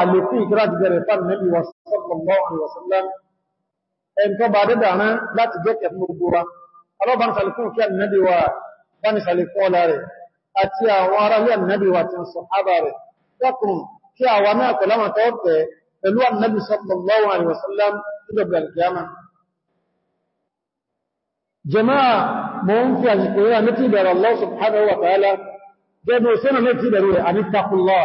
àlékún ìkírà ti bẹ̀rẹ̀ fà nẹ́bí wàsánlọ́wọ́sánlọ́wọ́sánlọ́m ẹn tó bá dédà rán láti jẹ́ kẹfún gbogbo wa alọ́bàn sàlékún kí ànìyàn wa bá ní sàlékún ọlá rẹ̀ àti àwọn ará lé ànìyàn pẹ̀lú àwọn tó tẹ̀ pẹ̀lú ànìyàn sọ́lọ́wọ́ jama'a mo ń fi àsìkò àmì tí ìbẹ̀rẹ̀ Allah subhanahu wa ta'ala gẹ́gbẹ̀ òṣèlú mẹ́tì ìbẹ̀rẹ̀ àmì takullah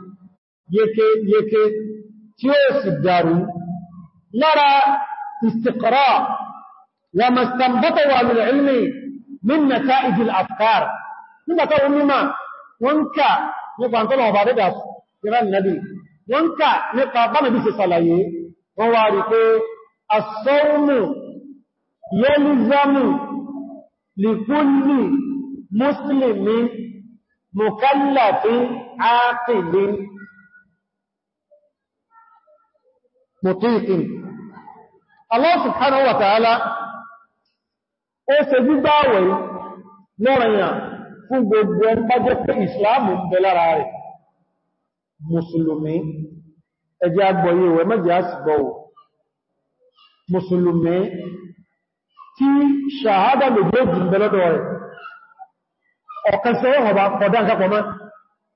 yékéyéké tí ó sì dàrú lára istiqra wa mastambata wa min ilmi min nata'ij al-afkar nígbàtá onímà wọ́n ká nípa tọ́lọ̀ ọba dẹ́dà ìran nàbí wọ́n ká nípa bánàbí ṣe sàlàyé wọ́n wá rí pé asọ́ọ̀mù yẹlìzámù lìkúnlì mùsùlùmí mùkálàfin áàkìlín mọ̀tíkì Allah subhanahu wa ta'ala ó ṣe gbígbà àwẹ̀ lọ́rọ̀yà fún gbogbo ọmọdé pé ìsìláàmù ń bẹ lára rẹ̀ mùsùlùmí ẹjẹ́ agbọ̀yẹ̀ ìwẹ̀ mẹ́jẹ́ àsìgbọ̀wò mùsùlùmí tí ṣàhádà méjèèjì ń bẹ lọ́dọ̀ rẹ̀ ọ̀kan sẹ́yẹ̀ ọba kọ̀dá nǹkan pọ̀ mọ́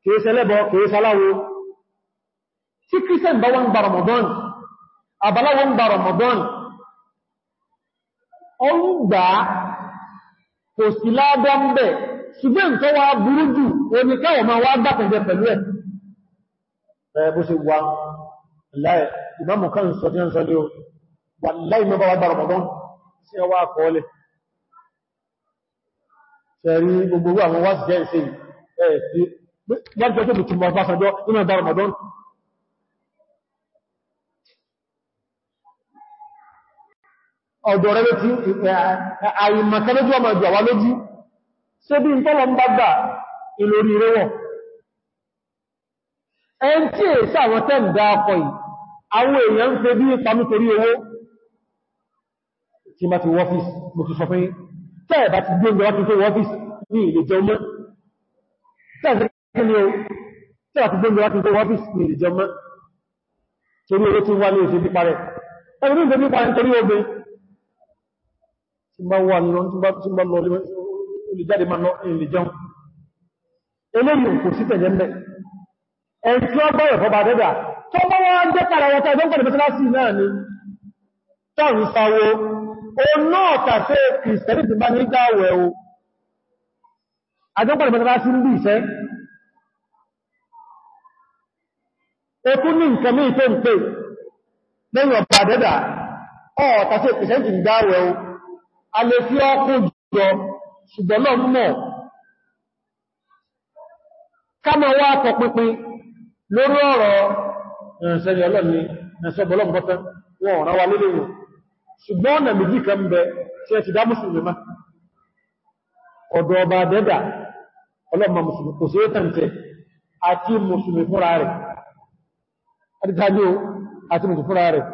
kìí àbáláwo ń gba Ramadan ọ ń gbà kò sí ládá ń bẹ̀ ṣùgbọ́n tó wá burú jù oníkẹ́wọ̀ máa wá dákùnjẹ pẹ̀lú ẹ̀ bó ṣe wà láì ìmáàmù kan sọ tí ó ń sọ lé o wà láì mẹ́bá wá gba Ramadan sí ọwá àkọọ́lẹ̀ ṣẹ̀rí gbogbo àwọn wá sí jẹ́ ìṣẹ́ ọ̀dọ̀ rẹ̀ tí àìmọ̀kẹ́lójú ọmọ ìjọ wá lójú ṣe bí n tọ́lọ ń bá gbà ìlórí rẹwọ̀. ẹn tí è sí àwọn tẹ́ ń dá ọkọ̀ yìí àwọn èèyàn ń fẹ́ bí ipa nítorí owó tí ma ti wọ́fíìsì mo ti sọ fún tẹ́ẹ̀ bá ti gbé ń gbọ́n tí bá wà nínú tí bá lọ olùjáde máa lè jẹun eléyìn kò sí tẹ̀yẹ mẹ́ ẹn tí ó bọ́rẹ̀ fọba dẹ́dà tó bọ́ wọ́n jẹ́ kàrà wọ́ta ìdọ́nkọ̀ ìbẹ́sílásì náà ni tọ́rù sáwó o náà tàfẹ́ kìrìsìtẹ́rì ti bá ní gáwẹ̀ o àdọ́nkọ̀ ìbẹ́sílásì ń bí ìṣẹ́ ẹkú ní nǹkan mí tó ń pè lẹ́yìn ọ̀pàdẹ́dà ọ̀ tàfẹ́ kìrìsìtẹ́rì ti gáwẹ̀ o a lè fi ọkùn jùlọ ṣùgbọ́n náà mọ̀ káàmà wá àtọ̀ pínpín lórí ọ̀rọ̀ ìrìnsẹ̀rì ọlọ́ni ẹ̀sọ́bọ̀lọ́gbọ́tán wọn ọ̀rá wa lélẹ̀ wọn ṣùgbọ́n ọ̀nà méjì kan bẹ tí ẹ ti dá mùsùlùmí má ọ̀dọ̀ ọba dẹ́dà ọlọ́mà mùsùlùmí kò sí ètàntẹ̀ àti mùsùlùmí fúnra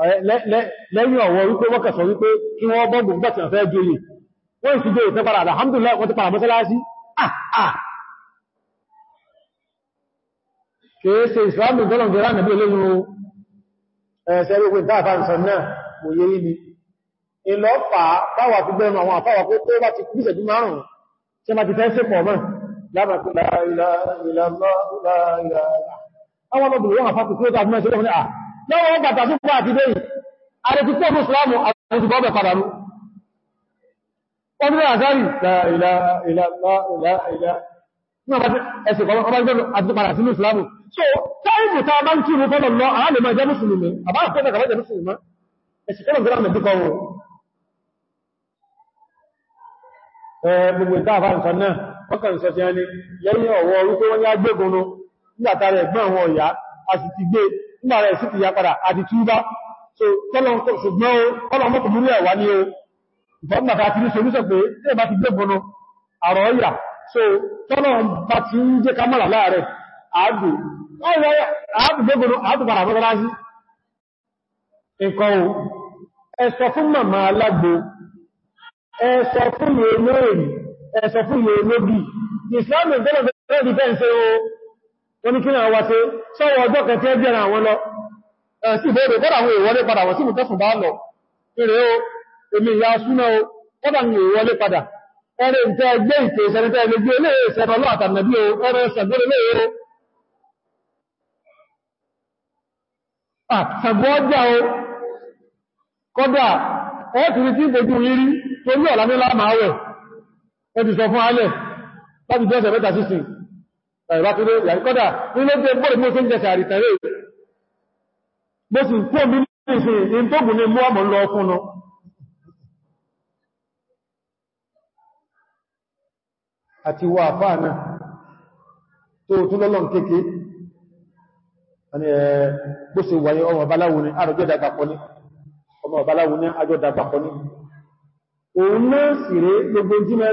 lẹ́yìn ọ̀wọ̀ wípé wọ́n kẹsọ̀ wípé kí wọ́n bọ́ gbogbo tí wọ́n fẹ́ jẹ́ yìí wọ́n sì jẹ́ ìfẹ́ padà alhamdulillah wọ́n ti padà mọ́sálásí kèése islamu gọ́lọ̀ gẹ́rà nàbí olóyìn o ẹ̀ẹ́sẹ̀ rí ogun tààfà ìsàn náà mò yé yí ni ìlọ́ fà báwà fi gbẹ́nu àwọn àfáwà pé tó bá ti kú ìṣẹ́jú márùn-ún tí a bá ti fẹ́ sí pọ̀ mọ́ lábàkúlá ìlà ìlà ìlà àwọn ọmọbìnrin wọn àfáàkù tí ó tàbí mẹ́sẹ̀ lọ́wọ́ à lọ́wọ́ bàtà tó pọ̀ àti bẹ́yìn àrètìpọ̀ mùsùlámù àtìbọ́bẹ̀ padà rú ọdún àzárì Gbogbo ìtàfà nǹkan náà, wọ́n kàn sọ ti ẹni lẹ́yìn ọ̀wọ́ orí tó wọ́n ní agbégunú nígbàtà rẹ̀ gbọ́n àwọn ọ̀yá, a sì ti gbé gbàrẹ̀ sí ti yapadà àti túbá so tọ́lọ̀n kò ṣùgbọ́n o tọ́lọ̀n mọ́kù múrí ẹ̀wà ní o ìfọ́nbàtà ti ní solúsọ pé tí ẹ bá ti gbẹ́gbọ́nà àrọ̀ ọ̀yà so tọ́lọ̀n bá ti ń jẹ́ kámọ́là láàrẹ̀ àádù gbẹ́gbọ́nà àádù padà fọ́gbọ́lá sí nǹkan o ẹ sọ fún màmá alágbo ẹ sọ fún yẹn lóòrì ẹ sọ fún yẹn lóbi ìsìlámù oníkínà wá sí sọ́wọ́ ọjọ́ kan tí ẹ jẹ́ra àwọn lọ sí ìbẹ̀rẹ̀ kọ́dà àwọn ìwọlé padà wọ́n sí mú tẹ́sùn bá lọ rẹ̀ o èmi ìyá súnmọ́ o kọ́dà àwọn ìwọlé padà ẹrẹ ìtẹ́ ẹgbẹ́ ìtẹ́ ìṣẹ́rẹ́tẹ́ ẹgbẹ́ ilé ìṣẹ́rọlọ́ àtànàbí o ẹrẹ ìṣẹ́gbẹ́rẹ́ lè o àtàgbọ́ ọjà o kọ́dà ọ́tùrí tí ìpòjú yìí torí ọ̀lámílá máa wẹ̀ ẹ ti sọ fún alẹ́ láti jẹ́ ìṣẹ̀mẹ́ta sísìn ẹ̀rọ tó lé ìyàríkọ́dà nílé jẹ́ bọ́ọ̀lù mú sí ń jẹsẹ̀ àrìtàrí bó sì kú omi níṣẹ́ in tó gùn ní mú ọmọ lọ fún un àti wà fáànà tó tún lọ́lọ́n kéèké bó sì wáyé ọmọ baláwo ní àjọ́dàgbàkọ́ ní òun náà sì rẹ̀ gbogbo jí mẹ́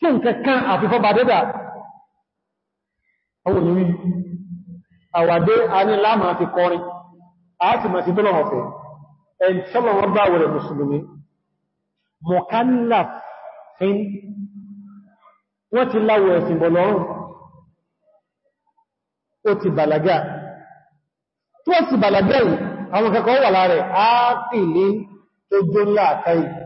tí nǹkan kan àfifọ́ bá dédà àwọn òní àwàdé a ní láàmà ti kọrin a ti máa ti tó lọ́wọ́ fẹ́ ẹni sọ́lọ̀ wọ́n bá wẹ̀rẹ̀ mùsùlùmí mọ̀kánlá fín wọ́n ti láwọ̀ ẹ̀sìn bọ̀ ó ti bàlágà tó ti bàlágà yìí àwọn kẹ́kọ̀ọ́ wà láàrẹ̀ á pè tó jó àkáyìí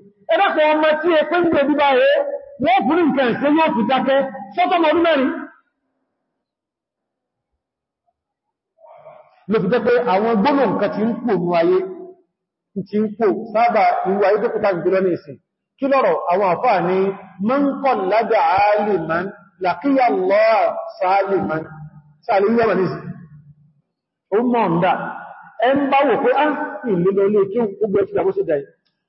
ẹ̀dàpọ̀ ọmọ tí è pé ń gbé bíbá rẹ̀ wọ́n fún ní nǹkan ìṣẹ́ yóò fi dákẹ́ sọ́tọ́mọ̀ ọdún mẹ́rin ló fi jẹ́ àwọn gbónà nǹkan ti ń pò ní ayé ti ń pò sábà ìwà ayé tó kúta gbílọ ìsìn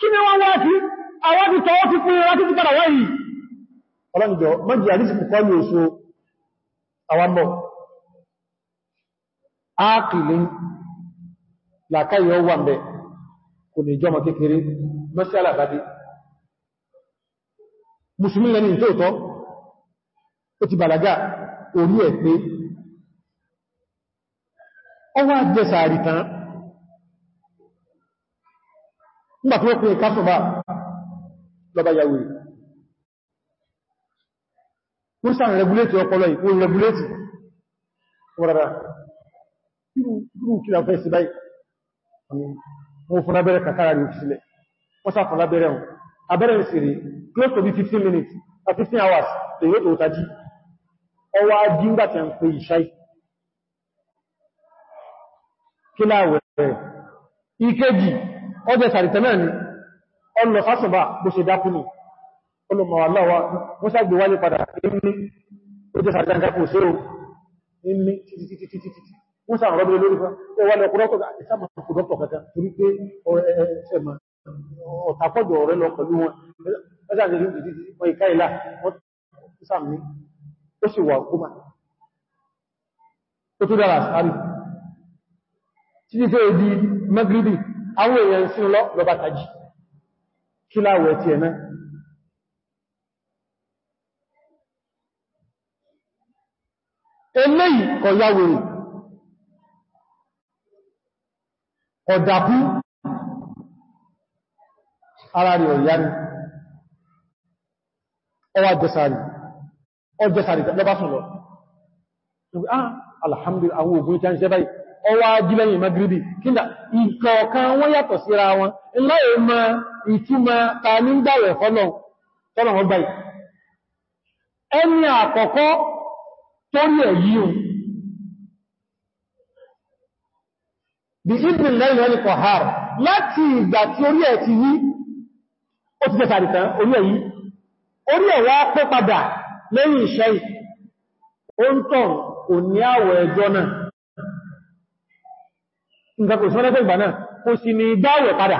kí ni wọ́n wá sí àwọn ti tọwọ́ ti fún ìwọ́n títí padà wáyìí ọlọ́njọ́ mọ́jì àdísìkù kọ́ ní oṣù àwọ́mọ́ áàkìlì làkáyọ̀ wà mẹ́ kò ní ìjọmọ kékeré mọ́sí alàbádé musulmi lẹ́ni ìtòótọ́ ọwọ́ àjẹsàárì tán nígbà tó pè kásùbà lọba yàwó rẹ̀ wọ́n sàn regulate ọpọlọ ìpò regulate rárá irú kí la fẹ́ sí báyìí wọ́n fún abẹ́rẹ́ kàkàrà ní òkìsílẹ̀ wọ́n sà fún abẹ́rẹ́ wọn abẹ́rẹ́ sí rí close to be 15 minutes a uh, 15 hours èyí tó tají ọwá díngbà tí a ń pè ìṣáì kí láàwẹ̀ ìkejì ọjọ́ sàrìtẹ̀ náà ni ọlọ sásọ̀bá bó ṣe dákú ní ọlọ́mọ̀wàláwà wọ́n sáàgbé wálé padà ní ọjọ́ sàrìtẹ̀ sí o ní títítítítítí wọ́n sáà rọ́bí lórí fún ọwọ́ lọ́kùnrọ́kùnrọ́ títí tó èdè magribi àwọn èèyàn sí lọ lọba tají kí láwẹ̀ tí ẹ̀nà eléyìí kọ̀yáwèrè ọ̀dàkú ara rẹ̀ ọ̀yá ni ọwà jẹsàrì ọjẹsàrì lọba sùn lọ ah, alhamdulillah àwọn ogun tí a ń ṣe báyìí ọwá jílẹ̀yìn magribi kíndà ìkọ̀ ọ̀kan wọ́n yàtọ̀ síra wọn láì ma ìtumọ̀ ta ní fọ́nà tọ́nà ẹni àkọ́kọ́ tó rí ẹ̀yí o bí ìbìn lẹ́yìn kọ̀ hàr láti ìgbà tí orí ẹ̀ ti yí ó ti orí ẹ̀yí orí ẹ̀ wá pẹ́ padà lẹ́yìn ìṣẹ́ tàn kò ní àwọ̀ nǹkan kò sọ́nà fẹ́ ìgbà náà kò sì ní dáwẹ̀ padà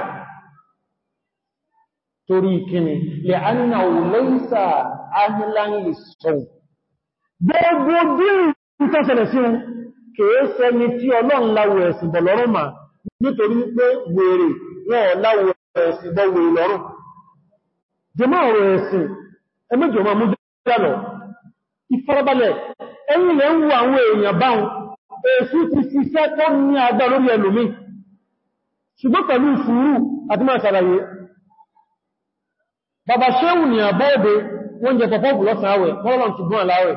torí ìkíni lè anna òlẹ́sà ahìláyìn sọ̀rọ̀ gbogbo dínú tó sí wọn kìí sẹni tí ọlọ́run ẹ̀yìn àwọn èèyàn báhùn èsù ti ṣiṣẹ́ tó ní agbá lórí ẹlòmí ṣùgbọ́n pẹ̀lú ìṣúrù àti máa ṣàlàyé bàbá ṣéhù ní àbọ́ọ̀dẹ wọ́n jẹ pọ̀pọ̀pù lọ́sàn àwẹ̀ mọ́lọ́n ti gún àláwẹ̀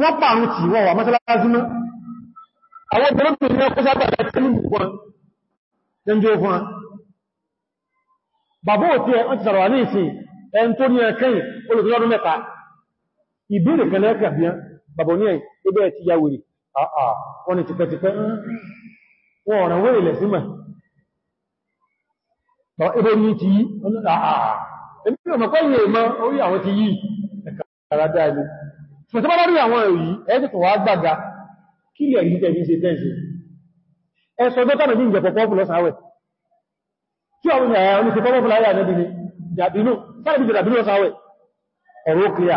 wọ́n pàrún tí wọ́n wà mọ́sálásí mọ́ àwọn obìnrin ní ọkọ́ sábà rẹ̀ tẹ́lú wọn jẹ́njẹ́ fún wọn bàbá òtí ẹ̀ ti sàrọ̀ ní ìsìn ẹn tó ní ẹkẹ́yìn olùgbìyànjú mẹ́ta ìbéèrè kẹlẹ́kẹ̀ bíyàn bàbọ̀ ní ẹ̀yìn ibẹ̀ ti ya wèrè wọ́n ni tipẹ́tipẹ́ wọ́n ọ̀rọ̀ wèrè lẹ̀ sí mẹ́ ibẹ̀ ní ti yí tí àwọn ìyàwó ní ṣe pọ́pọ́pùlá ayà nẹ́bí ni jàbínú sáàbí jẹ́ jàbínú ọ̀sáwẹ̀ ọ̀rọ̀ kìíyà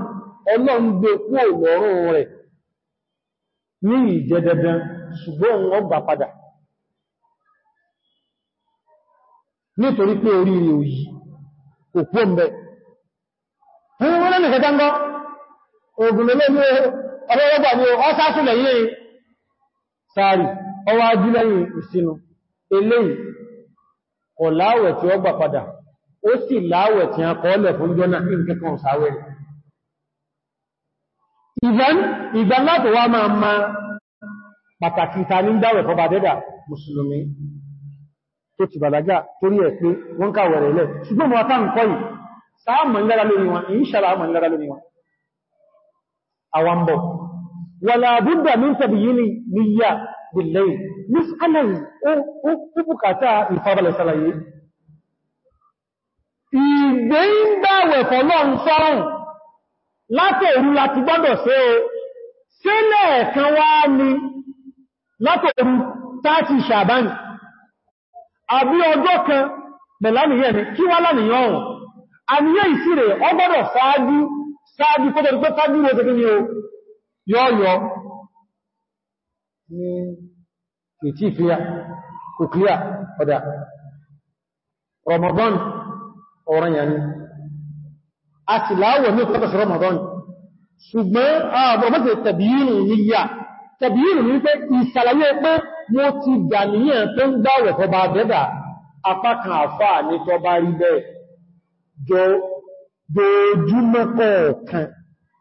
ọlọ́run gbé kúrò lọ́rùn rẹ̀ ní ìjẹdẹdẹ ṣùgbọ́n wọ́n gbà padà nítorí pé orí rẹ̀ òyí òpó mẹ́ wọ́n lẹ́nà kẹtàngọ́ ọ sásùlẹ̀ yìí sáàrì ọwọ́ ajílẹ́yìn ìsinú eléyìí tí ó gbà padà ó sì láwẹ̀ tí a kọ́ fún jọ́nà nǹkan kan ìgbọ́n ìgbọ́n láti wá máa ma pàtàkì ìta ní dáwẹ̀ fọba dẹ́dà mùsùlùmí tó ti bàlágà torí ẹ̀ pé wọ́n káwẹ̀rẹ̀ ilẹ̀ ṣùgbọ́n mọ́ ta ń kọ́ yìí sáàmù ìlára lórí wọn ìṣàlá àmù ìlára lórí wọn àwọn bọ̀ wàlá àbúdà ní tàbí yìí ni látòrú láti gbọ́dọ̀ ṣe o sílẹ̀ ẹ̀kan wá ní látòrú tàti ṣàbánì àbí ọjọ́ kan bẹ̀lánìyàn ni kí wá lánìyàn àníyàn ìsìrè ọgbọ́dọ̀ sáájú sáájú kó tọ́jú pé sáájú rẹ̀ tẹ́kí ni o yọ́yọ́ ni ètí ìfìyà kò kíyà ọ̀dà ni àti láwọ̀ ní ọ̀pọ̀lọpọ̀ sí Ramadan ṣùgbọ́n àbọ̀mọ́sẹ̀ tẹ̀bíyìnù ní yà tẹ̀bíyìnù ní pé ìsàlàyé pé mo ti dàníyàn tó ń gbáwẹ̀ tọba dẹ́dà apákan àfà ní tọba rí bẹ́ẹ̀ jọjúmọ́kọ̀ọ̀kan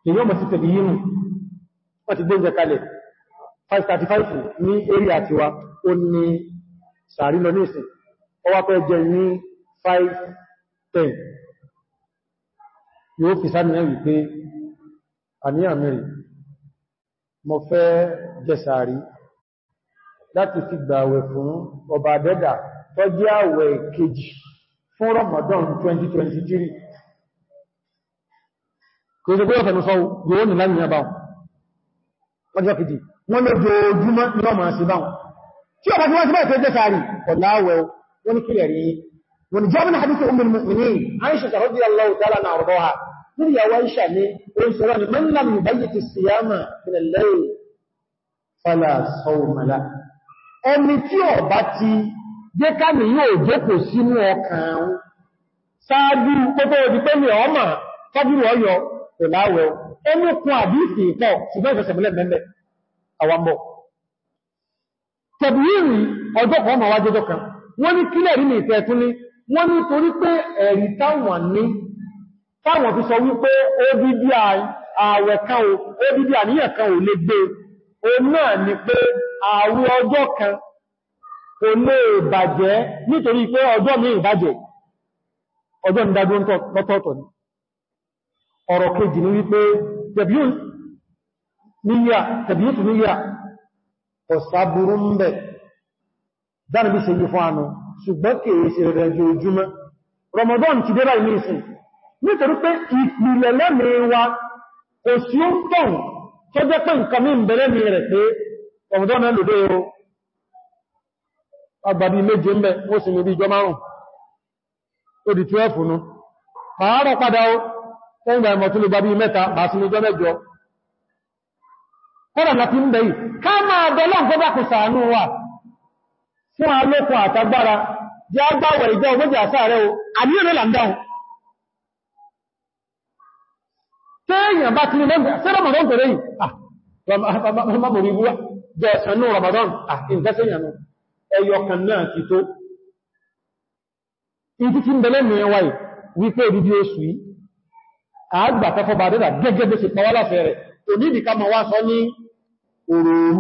èyàn mọ̀ sí tẹ̀bíyìnù wọ́n ti gbóúnjẹ kalẹ̀ 535 ní eré àtiwá ó yóò fi sáàmì náà wípé àníyàn mìírì mo fẹ́ jẹsàárì láti fi gbààwẹ̀ fún ọba adẹ́dà tó jẹ́ àwẹ̀ kejì fún Ramadan 2023 kò ṣe gbọ́nà fẹ̀mùsọ́ yóò ní láàrin àbáwọn ọjọ́ kejì wọ́n lè jọ ojúmọ́ ní ọmọ àṣì báwọn tí ọba tí wọ́n ti bá ìfẹ́ jẹ́sàárì ọ̀láwẹ̀ wọ́n lórí àwọn iṣà ní oúnṣẹ́wà ni mọ́nà mú báyìí ti síyámà ìrẹ̀lẹ́yìn fọ́lá sọ́wọ́mọ́lá ẹni tí ó bá ti jẹ́ káàmì yóò jókòó sínú ọkàn sáájú kótó òdípẹ́mì ọmọ tọ́bírù ọyọ pẹ̀láwẹ̀ ẹnukun àbífì ìpọ̀ ṣùgbọ́n ìfẹsẹ̀mílẹ̀ mẹ́mẹ́ àwambọ̀ tẹ̀bíyìnrì ọjọ́ kan ọmọ wájọ́jọ́ kan wọ́n ní kílẹ̀ rí ní ìfẹ́ tún ní wọ́n ní torí pé ẹ̀rí táwọn ní táwọn fi sọ wípé ó dídí ààwẹ̀ kan ó dídí àníyàn kan ò lè gbé o náà ni pé ààrùn ọjọ́ kan kò lè bàjẹ́ nítorí pé ọjọ́ mi ìbàjẹ́ ọjọ́ ni ọ̀rọ̀ kejì ní wípé tẹ̀bíyùtù se Ramadan ti dé nítorí pé ìpìlẹ̀ lẹ́mí wa kò sí ó ń tọ̀hún tó jẹ́ pé nǹkan mí ń bẹ̀rẹ̀ mi rẹ̀ pé ọ̀dọ́ náà lòdó o agbàbí méje mẹ́ ó sì lórí ìjọ márùn ó di 12 nú pàárọ̀ padà ó ó ń ìmọ̀ tó lè gbàbí mẹ́ta wa téèyàn bá ti ní lẹ́gbẹ̀ẹ́ sí Ramadan tó rẹ̀yìn àmàbòrí wúwá jẹ́ ẹ̀sànú Ramadan ah àìǹtẹ́sẹ̀yàn ẹyọkan náà ti tó ìtí ti ń bẹ̀lẹ̀ mìíràn wáyé wípé ìdídí oṣù yìí àgbà tẹ́fọ́ bá dẹ́dà gẹ́gẹ́ bó sì pàwọ́ láfẹ́ rẹ̀ onídìí ká ma wá sọ ní òòrùn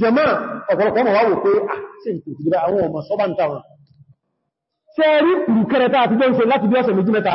jẹmọ́ ọ̀pọ̀lọpọ̀ ma wá wò pé àti ìtòkìdá àwọn ọmọ sọ́bàntàwọn tẹ́ẹ̀rí pùrùkẹrẹ tá àti gbọ́nṣe láti bí ọ̀sẹ̀ méjì mẹ́ta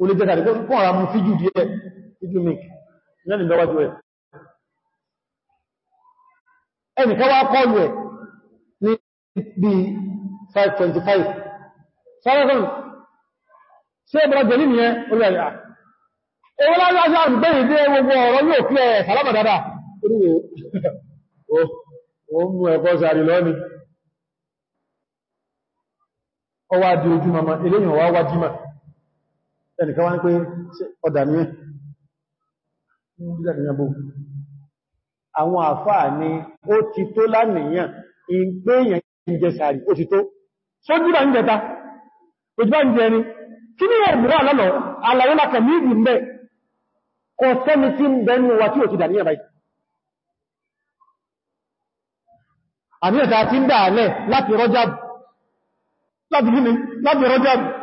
o lè jẹ́ta rẹ̀ kọ́ ara mú fíjù díẹ̀ fíjù mìí náà ni bẹ́wàjú ẹ̀ ẹnìkan wá kọlù ẹ̀ ní bí 525 sọ́rọ̀kùn sí ẹbọ̀rọ̀ jẹ́lì ní ẹ orí àyà ewé láyé àgbẹ̀yìn dé gbogbo ọ̀rọ̀ yóò fi ẹ̀ sàlámà dáadáa oríwò ó mú ẹ̀kọ́ sàrì ọwá di ojú mama eléyìn ọwá wájímà ẹnìkan wá ń pé ọ̀dà ní ìdílẹ̀dìyànbó àwọn àfáà ni ó ti tó lánìyàn ìgbéyàn ìjẹsàrí ó ti tó sójúbà ń jẹta òjúbà ń jẹ ni kí ní ọ̀mùrà lọ́lọ́ alàyé lákẹ̀ ní ìdí mẹ́ kọ sẹ́ni tí ń bẹ nínú wa tí ò ti dàníyàn báyìí àníyàn tí ń dà alẹ́ láti rọ́jáàbù láti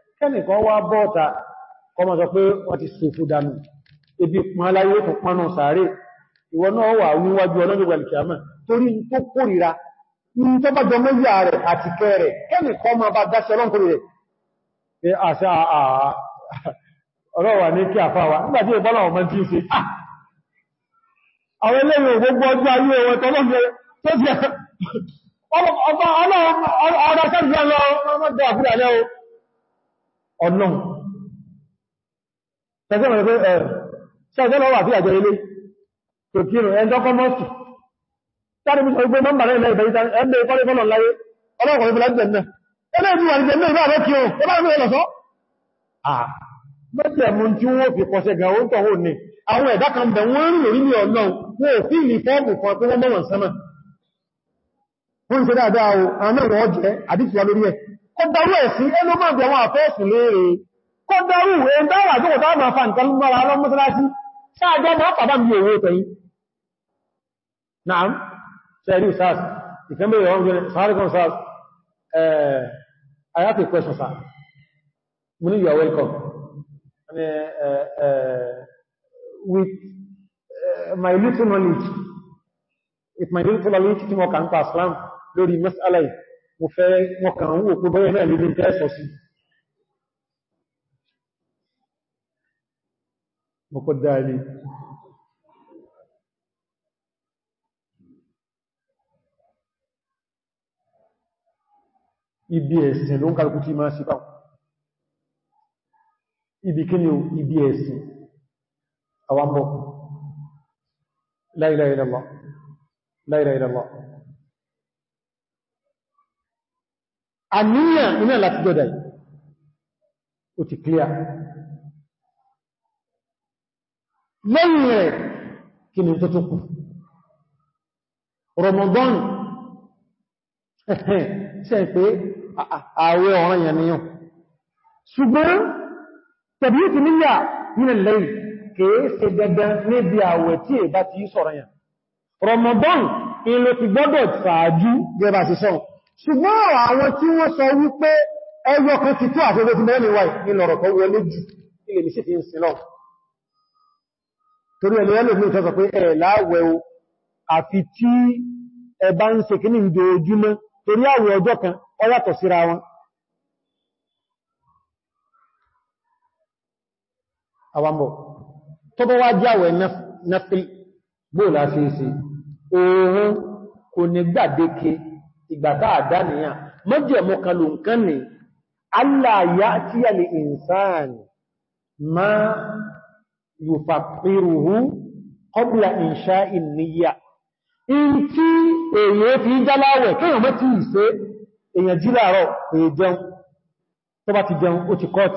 kẹ́nìkan wá bọ́ọ̀ta kọmọ sọ pé wọ́n ti sèfò dànù ebi pọn aláyé tó pọnà sàárè ìwọ náà wà níwájú ọlọ́jọ́gbà ìkìyàmọ̀ torí tó kórìíra ní tó bá jọ méjì rẹ̀ àti kẹ́ rẹ̀ kẹ́nìkan ma bá dáṣẹ́ ọlọ́nkórì rẹ̀ àṣà ọlọ́wà ní kí àfáwà nígbàtí ìbọ́lá ọmọ tí ó ṣe àwọn eléyìn gbogbo ọjọ́ ayé ẹwọ tọ́lọ́gbẹ̀ tó jẹ́ ọlọ́run ọ̀rọ̀ sẹ́gbẹ̀ lọ ọmọdé àfúrà lẹ́wọ́ ọlọ́run tẹ́sẹ̀ mọ̀ pé ẹ̀rọ ṣẹ́gbẹ́ lọ́wọ́ àti àjọ ilé tó kírù ẹjọ́kọ́ mọ́sù tàbí mú sọ gbé mọ́mbà rẹ̀ ilẹ̀ ìbẹ̀ríta ẹgbẹ́ ìkọ́lẹ̀ fọ́lọ̀ láyé ọlọ́kùnrin fúnlẹ̀ jẹ̀ náà ẹgbẹ́ ìbí wà ní jẹ̀mẹ́ ìbá rẹ̀ kí o ọlọ́run fúnlẹ̀ lọ́sọ́ mẹ́tẹ̀ mú tí wọ́n fi pọ̀ṣẹ̀ gan oúnjẹ òun ni àwọn ẹ̀dá kan bẹ̀ wọ́n rìn lórí ní ọ̀nà wọ́n fi ní fọ́ọ̀mù kan tó wọ́n mọ́wọ̀n sánà wọ́n ń ṣe dáadáa o àwọn mẹ́wọ̀n kó darú ẹ̀sí ẹlòmọ́dé máa fàbá mi owó tẹ̀yìn náà sẹ́rí you with uh, my little knowledge with my little knowledge tí mo kà ń pa Islam mo fẹ́ wọn kàn ń wò pé bọ́yẹ̀ náà lórí nǹkan ẹ̀sọ̀ sí mọ́kọ̀ dáadé ibi ẹ̀sìn ló ń kàrùkú tí máa sí báwọn ibi kí ni o ibi ẹ̀sìn àwọn mọ́ la ilaha illallah la àníyàn iná láti jọdá yìí ó ti clear lẹ́yìn rẹ̀ kí ni tó tó kù Ramadan ṣe pé ààwẹ̀ ọ̀ràn yẹn níyàn ṣùgbọ́n tàbí ti níyà nínú lẹ́yìn kìí ṣe dandan níbi ààwẹ̀ tí è bá ti sọ̀rọ̀ yẹn Ramadan in ti gbọ́dọ̀ fàájú gẹ́bà sí sọ́rọ̀ ṣùgbọ́n àwọn tí wọ́n sọ wípé ẹyọ kan ti tó ti wáyé ní lọ̀rọ̀ kan wọlé jù ilẹ̀ ti ń sin lọ torí ẹ̀lẹ́ ẹlòmí ìtọ́sọ pé ẹ̀ láàwẹ̀ o àfi tí ẹ ń ṣe kíní ìdòójúmọ́ torí àwẹ̀ ọjọ́ kan ọ kò ní gbàdéke ìgbàtà àdáníyàn mọ́jẹ̀mọ́ kalù nǹkan ni aláyá tí a lè ìsáàni ma yùfàpírùhú ọbílà ìṣá ìníyà in tí èyẹ fi jáláwẹ̀ kí èyàn mọ́tí ìṣẹ́ èyàn jíláàrọ̀ èyẹ jẹun tó bá ti jẹun ó ti kọ́t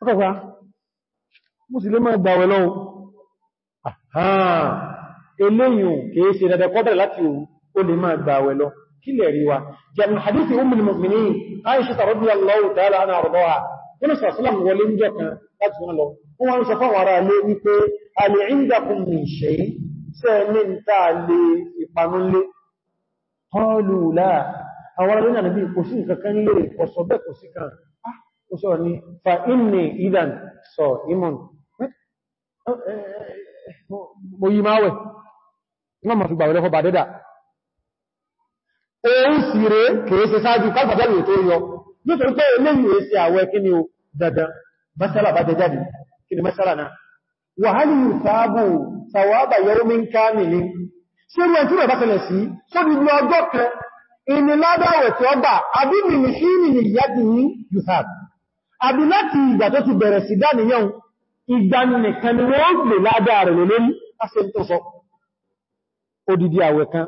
ọkọ̀fà mú sí lè máa gbàwẹ̀ lọ́wọ́ eléyìn kìí ṣe dada kọ́bẹ̀rẹ̀ láti òun ó lè máa gbàwẹ̀ lọ kí lè rí wa jẹ́mù hadithi ummul mu'minin aisha radiyallahu ta'ala anha ardaha wọn sàṣílám wọlé ń jọ kan láti wọn lọ wọn wọn sọ fún ara lé wípé alẹ́ indakum min shay àwọn alẹ́nà nàbí kò sí nǹkan kan lè ọ̀sọ̀bẹ́ kò sí kan ó sọ̀rọ̀ ní fa inni idan sọ imon mo yí máa wẹ̀ wọ́n ma fi gbàwẹ̀ lọ́fọ́ bà dẹ́dà òun sì rẹ̀ kèé ṣe sáájú kálùfàjálù tó yọ nítorí pé eléyìí èsì àwẹ̀ kí ni o dandan masala bá jẹjáde kí ni masala náà wà hálì ìfàábù sàwábà yẹrù mi ń ká nìlé ṣe rẹ̀ tí rẹ̀ bá tẹ̀lẹ̀ sí sóbi ní ọjọ́ kan ìnìládáwẹ̀ tí ọ àbí láti ìgbà tó ti bẹ̀rẹ̀ sí dáníyàn ìgbà nìkan ni wọ́n lè ládáa rẹ̀ lórí láti tó sọ odidi àwẹ̀ kan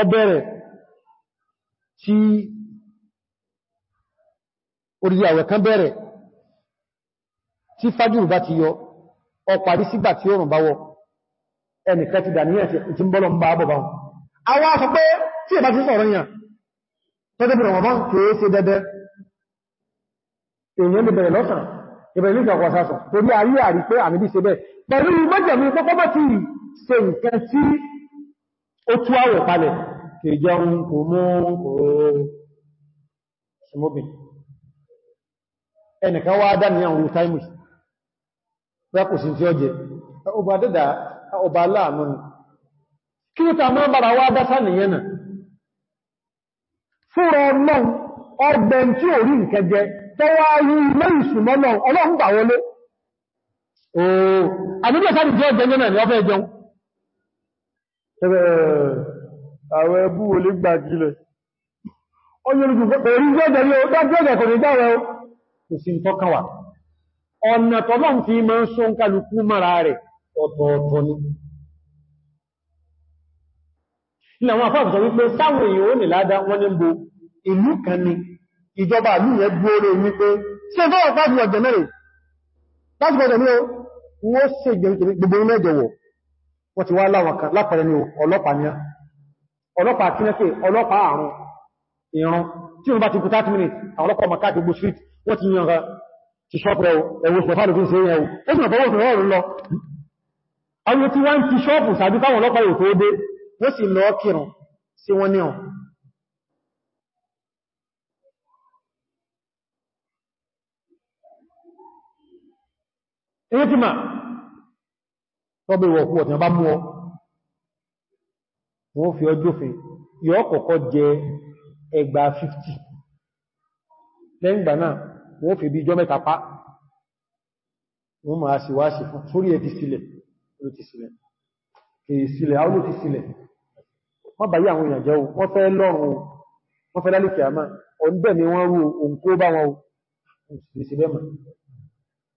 ọbẹ̀rẹ̀ tí odidi àwẹ̀ kan bẹ̀rẹ̀ tí fájúrù bá ti yọ ọparí sígbà tí oòrùn bá wọ̀ ẹnìkan ti dáníyàn ti ń bọ́lọ̀ ń bá èèyàn lè bẹ̀rẹ̀ lọ́sàn ìbẹ̀rẹ̀ ní ìjọkọ̀ sásọ̀ torí ayé àrí pé àmì bí ṣe bẹ́ẹ̀ pẹ̀lú mẹ́jẹ̀mí pọ́pọ́ bá ti ṣe nǹkan tí ó tú àwọ̀ kalẹ̀ kèjọun kò mú ṣùmọ́bìn ẹnìkan wá dá ní tí ni kí ó ta máa bára wá dásá ò rí nǹkan jẹ tọ́wọ́ rí ilé ìsùnmọ́nà ọlọ́run gbà wọlé ooo àdúgbò sáàdì jẹ́ ọjọ́ náà ni ọfẹ́ jẹun àwọn ẹbú olè gbà jílẹ̀ ọ̀nà tọ́lọ́n fi máa ń sọ ń kálukú mara rẹ̀ ọ̀tọ̀ọ̀tọ̀ ni ilẹ̀ àwọn afọ́ àpùtọ̀ wípé sáwọn èèyàn ó nìládá wọ́n ní gbò ìlú kan ni ìjọba ìlú rẹ̀ gbóòrò wípé ṣe fọ́wọ́ pàdé ọjọ́ mẹ́rin láti pọ̀jọ̀ ní wọ́n ṣe gbogbo mẹ́jọwọ̀ wọ́n ti wá láwọn kan lápẹẹrẹ ní ọlọ́pàá ní ọlọ́pàá kí nẹ́fẹ́ ọlọ́pàá àrùn ìran tí wọ́n bá ti kú 30 minutes àwọn ọlọ́pàá maka gbogbo street wọ́n ti yànra ti ṣọ́pù ẹwọ́ ìṣọ̀fà lókún sí ẹwọ́ ó sì nàbọ̀wọ́ ìṣọ̀rọ̀ rẹ̀ lọ àwọn tí wọ́n èyí ti máa tọ́bí ìwọ̀ fún ọ̀tí bá mú ọ wọ́n fi ọjọ́fin yọ kọ̀kọ́ jẹ ẹgbà 50 lẹ́yìngbà náà wọ́n fi bí ijọ́ mẹ́ta pa wọ́n máa sì wá sí fún sórí ẹ̀ ti sílẹ̀ kìí sílẹ̀ àwọn ti sílẹ̀ wọ́n bá yí àwọn èèyàn wọ́n fẹ́ lọ́rùn wọ́n fẹ́ lálùkẹ́ àmà ọ̀nbẹ̀ ni wọ́n rú òǹkó bá wọn ò sì sílẹ̀ mọ̀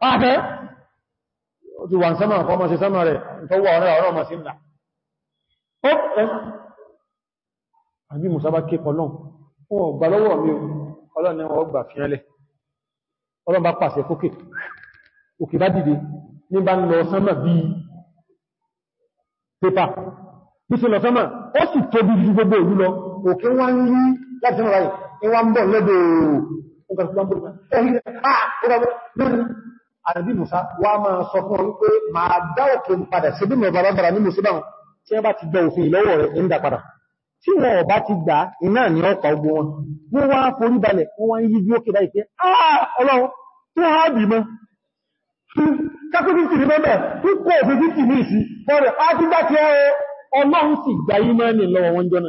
pàfẹ́ ojú wà sánmà fọ́mọ̀ sí sánmà rẹ̀ tó wà ọ̀rẹ́ ọ̀rọ̀ ọmọ sí ńlá ó ẹ̀m àbí musaba ké kọlọ́n wọn gbà lọ́wọ́ mi ọlọ́n ni wọ́n gbà fíẹ́lẹ̀ ọlọ́n bá pàṣẹ fókè òkè bá dìde ní bá ń lọ sánmà bí pépà bí sí lọ sánmà ó sì tóbi ju gbogbo ìlú lọ òkè wọ́n ń rí láti sánmà ráyè wọ́n ń bọ̀ lẹ́dọ̀ọ́ àrẹ́bí musa wá máa sọ fún ọmọ pé máa dá òkè padà sí bí mọ̀ bàbára ní musulman tí wọ́n bá ti gbọ́ òfin ìlọ́wọ́ rẹ̀ ń dàpadà tí wọ́n ọ̀bá ti gbà iná ní ọkà ogun wọn wọ́n wá forí balẹ̀ wọ́n wá ń yí bí ó kéda ìpé ah, ọlọ́run tó há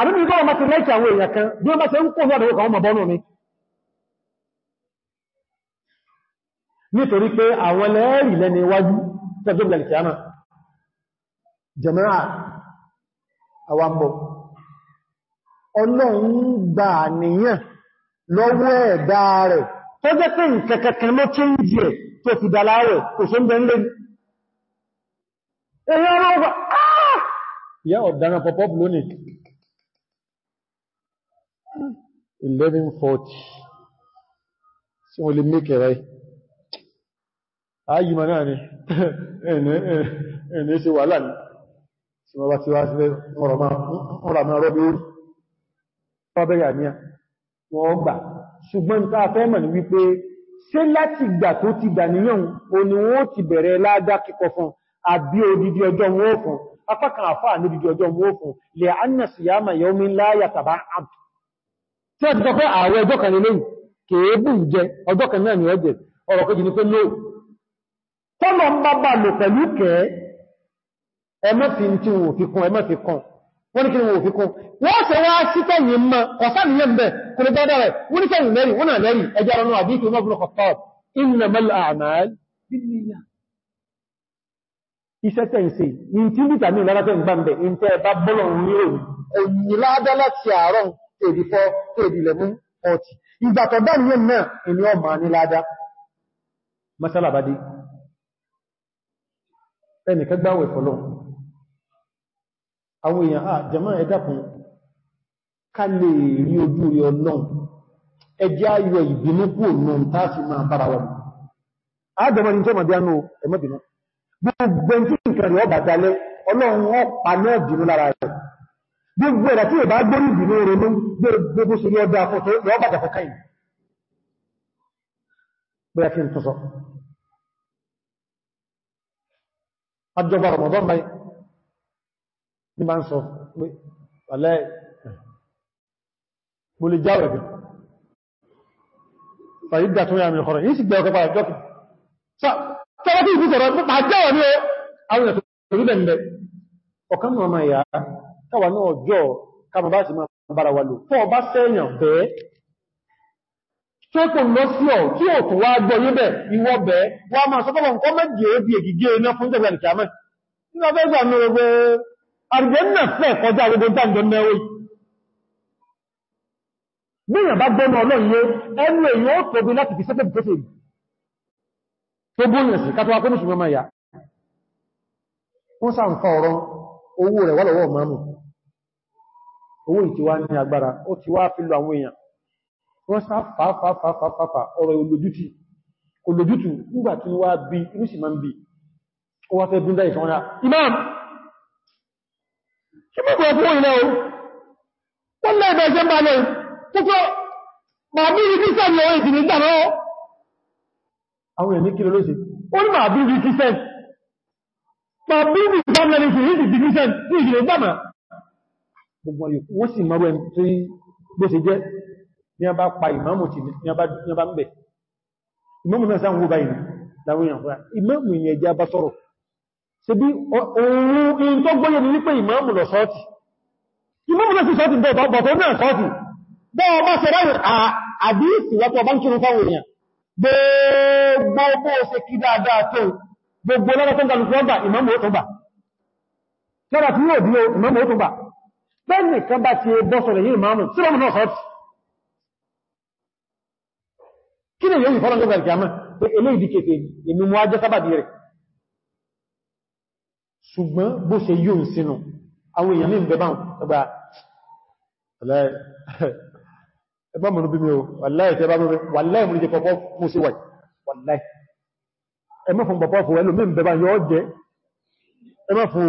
àbíbí ìgbọ́ ọmọ ti lẹ́kì àwọn èèyàn kan bí ó bá ṣe ń kó lọ́dọ̀ ọkọ̀ ọmọ bọ́nù mi nítorí pé àwọn lẹ́ẹ̀rì lẹ́ni iwájú tẹ́jọ́bìlẹ̀ kìíyàmà jẹ̀mẹ́rà àwàbọ̀ ọlọ́run gbà níyàn lọ́wọ́ ẹ̀dá rẹ̀ tó jẹ́ pé ìkẹ̀kẹ̀kẹ̀ ló tí ń jẹ́ tó fi ah! Ìyá ọ̀dánà pọ̀pọ̀ lónìí 1140 sí wọ́n lè mẹ́kẹ̀ rẹ̀ ayìí ma náà ni ẹni ṣe wà láàrin tí wọ́n bá ti wá sílẹ̀ ọ̀rọ̀ máa rọ́bí orí ọbẹ̀rẹ̀ àníyà wọ́n gbà ṣùgbọ́n tá a fẹ́ wípé ṣé láti gbà tó ti gbà níyàn o ni wọ́n ti bẹ̀rẹ̀ ládá kíkọ fún àbí odidi ọjọ́ wọn ó fún apákan àfáà ní odidi ọjọ́ wọn ó fún lè anna siyama yawmin la yataba'ad tí a ti sọ pé ààwẹ̀ ọjọ́ kan lélẹ́yìn kèébù jẹ ọjọ́ kan náà ni ó jẹ ọ̀rọ̀ kejì ní pé ló tọ́lọ ń bá bá lò pẹ̀lú kẹ́ ẹmọ́fì tí wò fi kún ẹmọ́fì kan wọ́n ní kí wò fi kún wọ́n sọ wá sí tẹ́yìn mọ́ kọ̀sánìyàn bẹ̀ kò lè dáadáa rẹ̀ wọ́n ní tẹ́yìn èdè fọ́ èdè ilẹ̀ mú ọtí ìgbàtọ̀ dáníyàn náà ìní ọmọ ní ládá masalabadi ẹnìkan gbáwẹ̀ fọ́lọ́ àwọn èèyàn à ah, jẹmọ́ ẹ̀dàkùn ká lè rí ojú rí ọlọ́run ẹjẹ́ ayọ̀ ìbínú kú òun tààfi máa bára wọn ájọmọ́ ni tọ́mọ̀ bí ánú ẹmọ́bìnú gbogbo ẹni tí nǹkan rẹ̀ ọbàdálẹ́ ọlọ́run gbogbo ẹ̀dà tí è bá gbórí ìdìní ronú gbogbo sí ní ọdá fọ́tọ̀ lọ́ọ́ bàjá fọ́ká yìí bóyá kí n tó sọ ajọba Ramadan báyìí ní máa ń sọ pé alẹ́ mo lè jáwẹ̀ bí fàyígbà tó yà mí yìí sì gbẹ ọkọ̀ padà jọ́kì tọ́wọ́ kí ìfúsọ̀rọ̀ pàjáwẹ̀ ní ọ káwà náà ọjọ́ kama bá ti máa bára wà lò fọ́ ọba sẹ́yàn bẹ́ẹ̀ tó kò lọ sí ọ̀ tí ò tó wá gbọ́ yóbẹ̀ ìwọ bẹ́ẹ̀ wà máa sọ́kọ́bọ̀ nǹkan méjì èébì ègìgé iná fún jẹ́ ìkàmẹ́ nínú ọgbẹ́ ìgbà ní ogbẹ́ àrùgbẹ́nà fẹ́ kọjá gbogbo dáńdọ́ mẹ́wọ́ Bíyàn bá gbọ́nà ọlọ́yẹ, ẹnu èyàn ó tóbi láti fi sẹ́pẹ̀ owó ìtí wá ní agbára ó ti wá fílò àwọn èèyàn wọ́n sá fàáfàáfàáfàá ọ̀rọ̀ olójútì olójútù nígbà tí wá bí inú sì máa ń bí ó wá fẹ́ búndá ìfẹ́ wọn ah, imam kí mọ́ bọ̀ fún ilẹ̀ o wọ́n lẹ́ ìbẹ̀ ṣe ń bá lẹ́ púpọ̀ ni ọ̀rọ̀ ìdìní gbà lọ́wọ́ àwọn èèyàn ní kí lọ́lọ́sì ó ní màá bí ibi kíṣẹ́ gbogbo yòókù wọ́n sì mọ́rọ̀ ẹni tí bó ṣe jẹ́ ní a bá pa ìmáàmù tí ní a bá ń bẹ̀. ìmáàmù náà sáà ń wó báyìí láwọn èèyàn fúnra ìmáàmù ìyẹn jẹ́ bá sọ̀rọ̀ ṣe bí ohun in tó gbóyè ní wípé ìmáàmù lọ sọ́ọ̀tì ìmáàmù náà sì sọ́ọ̀tì bọ̀tọ̀ náà sọ́ọ̀tì bọ́ọ̀ bá ṣe ráwẹ̀ àdíìsì lọ́pọ̀ bá ń kírun fáwọn èèyàn gbogbo bó ṣe kí dáadáa tó gbogbo lọ́rọ̀ tó ń gbà lùfẹ́ ọgbà ìmáàmù ó tó gbà lọ́rọ̀ tí yóò dúró ìmáàmù ó tó gbà pẹ́lú kan bá ti bọ́ sọ̀rọ̀ yìí máa mú tí lọ́mù náà sọ́tí kí ni yóò fọ́nà lọ́gbà ìkàmà pé ilé ìdíkẹfẹ́ èmì mú ajẹ́ sábàbí rẹ̀ ṣùgbọ́n bó ṣe yóò sínú àwọn èèyàn ní ìbẹ̀bá ẹgbà ẹgbà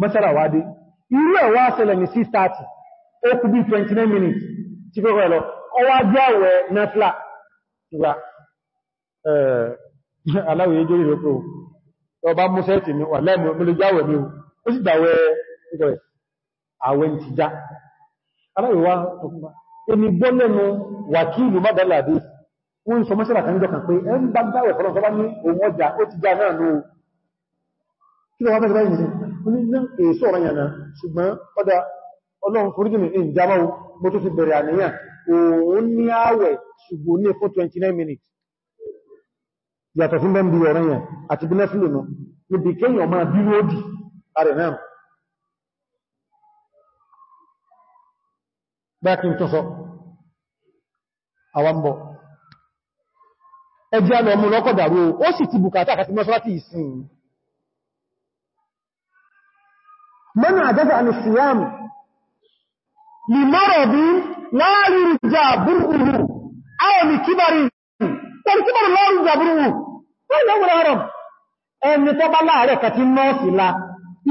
mọ́sára wá dé irú ẹ̀ wá ṣẹlẹ̀ ní 6:30 ó kú bí 29 minutes tí kò rẹ̀ lọ ọwá jẹ́ àwẹ̀ nẹ́fìlà ìgbà aláwẹ̀ ẹjọ́ ìrọ́pò ọba mọ́sẹ́ ti ní wà lẹ́mọ̀lẹ́ jáwẹ̀ ní ó sì gbàwẹ̀ àwẹ̀ ti já aláwẹ̀ wá ẹni gbọ́lẹ́nu wàkílù mọ́dálàdé wọ́n sọ mọ́sílà kan jọkàn pé ẹ ń bá gbáwẹ̀ fọ́lọ́sọ́bá ní òun ọjà ó ti já náà ní o kí lọ wá fẹ́ onílẹ̀ èso ọ̀rọ̀ yànà ṣùgbọ́n ọdá ọlọ́run foríjìnì ní ìjábáwó bó tó ti bẹ̀rẹ̀ àníyàn òun ní ààwẹ̀ ṣùgbọ́n ní fún 29 minutes yàtọ̀ fún bẹ́m̀bí ọ̀rọ̀ yàn àti bí nẹ́fìlì nù níbi kéèyàn máa bí lóòdì ààrẹ náà bá kí n tó sọ àwọn bọ̀ ẹjẹ́ àmì ọmọ من عجز عن الصيام لمرض لا يرجى بره أو لكبر والكبر لا يرجى بره وإن هو الهرم أن تبع الله عليك تنوصل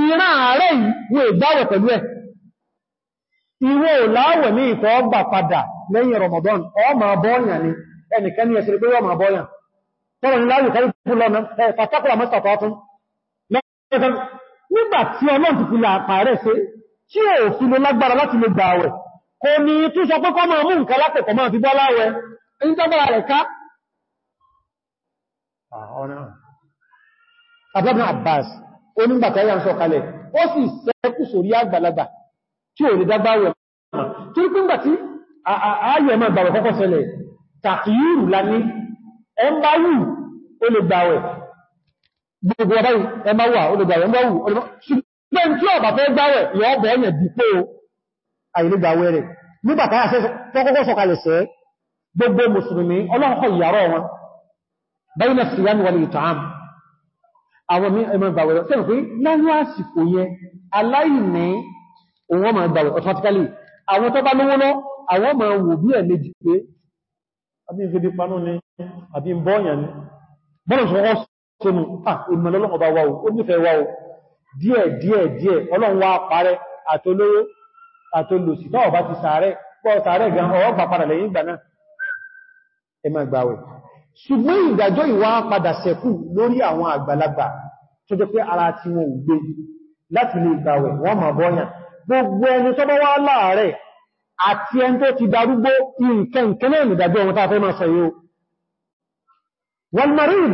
ìran ààrẹ ìwé ìdáwọ̀ pẹ̀lú ẹ̀ ìwé òláwẹ̀ ní ìtọ́ ọgbà padà lẹ́yìn Ramadan ọmọ bọ́ọ̀yàn ni ẹnìkan ni ẹ̀sìn pé ọmọ bọ́ọ̀yàn tọ́rọ ní láwùkárí lọ́nà ẹ̀ nígbà tí ọlọ́n ti fi lè àpàrẹ ṣe tí ò fi lè lágbára láti lè gbà àwẹ̀ kò ní tún sọ pé kọ́ máa mú nǹkan látẹ̀kọ̀ máa fi bọ́ láwẹ̀ ní tọ́gbàrà rẹ̀ ká Abdullahi Abbas onígbàtà yà ń sọ kalẹ̀ ó sì sẹ́kù sórí àgbàlagbà tí ò lè dágbàwẹ̀ ọmọ tí ó pín gbà tí ààyẹ̀ máa gbàwẹ̀ kọ́kọ́ ṣẹlẹ̀ tàkìyìrù lá ní ẹmbáyù ó gbogbo ọba ẹmà wà olùgbàwẹ̀ ẹmọ́wù olùgbàwẹ̀ tí ọba fẹ́ gbáwẹ̀ yọ ọbẹ̀ ẹ̀yẹ̀ dípò àìlúgbàwẹ̀ rẹ̀ nígbàtà àṣẹ tọ́kọ́kọ́ sọ̀kalẹ̀ sẹ́ gbogbo mùsùlùmí ọlọ́ọ̀kọ́ ìyàrọ̀ wọn bẹ́yìnà síyámi wọlé ìtààm àwọn ẹmọ ìgbàwẹ̀ rẹ̀ sẹ́rùn pé láwọn àsìkò yẹn aláìní òun ọmọ ìgbàwẹ̀ automatically àwọn tó bá lówó lọ àwọn ọmọ wò bí ẹ̀ méjì pé àbí ìfẹ́bí panú ni àbí ìbọ́ọ̀yàn ni bọ́ọ̀lù sọ́kọ́ kínú ah, ìmọ̀lọ́lọ́wọ́ bá wáwó ó nífẹ̀ẹ́ wáwó díẹ̀ díẹ̀ díẹ̀ ọlọ́run wá parẹ́ àtolówó àtolòsì tọ́wọ̀ bá ti sàárẹ̀ pọ́ sàárẹ̀ gan ọwọ́ gbà padà lẹ́yìn ìgbà náà ẹ má gbàwẹ̀ ṣùgbọ́n ìdájọ́ ìwà padà sẹ́kù lórí àwọn àgbàlagbà tó jẹ́ pé ara tí wọn ò gbé láti lè gbàwẹ̀ wọ́n mọ̀ bọ́yàn gbogbo ẹni tó bá wá láàárẹ̀ àti ẹni tó ti darúgbó nǹkan nǹkan náà nìdájọ́ wọn tá a fẹ́ máa sọ yóò wal marid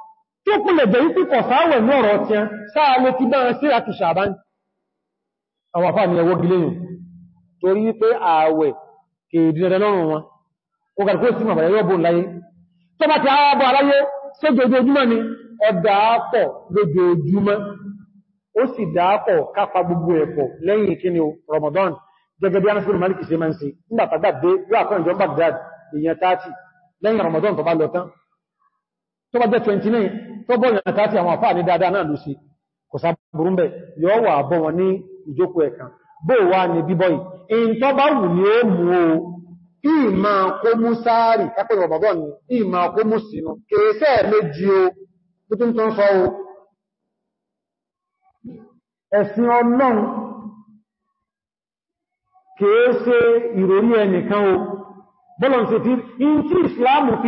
tó kún lè jẹ́ wípé kọ̀ sáwẹ̀ ní ọ̀rọ̀ tí ẹn sáà ló ti bẹ́rẹ̀ sí àti ṣàbáyìn àwọn àfáà ni ẹwọ́ gílé yìí torí wípé ààwẹ̀ kèèdì rẹ̀ lọ́rùn wọn ó gàrí kó sí màbàyẹ yọ́ bó láyé tó bá ti àwọ́bọ̀ Ramadan gẹ́gẹ́ bí anasir maliki ṣe máa ń ṣe nígbà tàgbàdé yóò àkọ́ lẹ́yìn Ramadan tó bá lọ tán tó bá jẹ́ 29 tó bọ́ ìrìnà tàbí àwọn àfáà ní dáadáa náà ló sí kò sáàbùrú mẹ́ wà bọ́ wọn ní ìjókò ẹ̀kan bó wà ní bíbọ́ yìí in tó bá wù ní ó o ìmà kó sáàrì kápẹ́rọ ní ìmà kó méjì o ẹ̀sìn o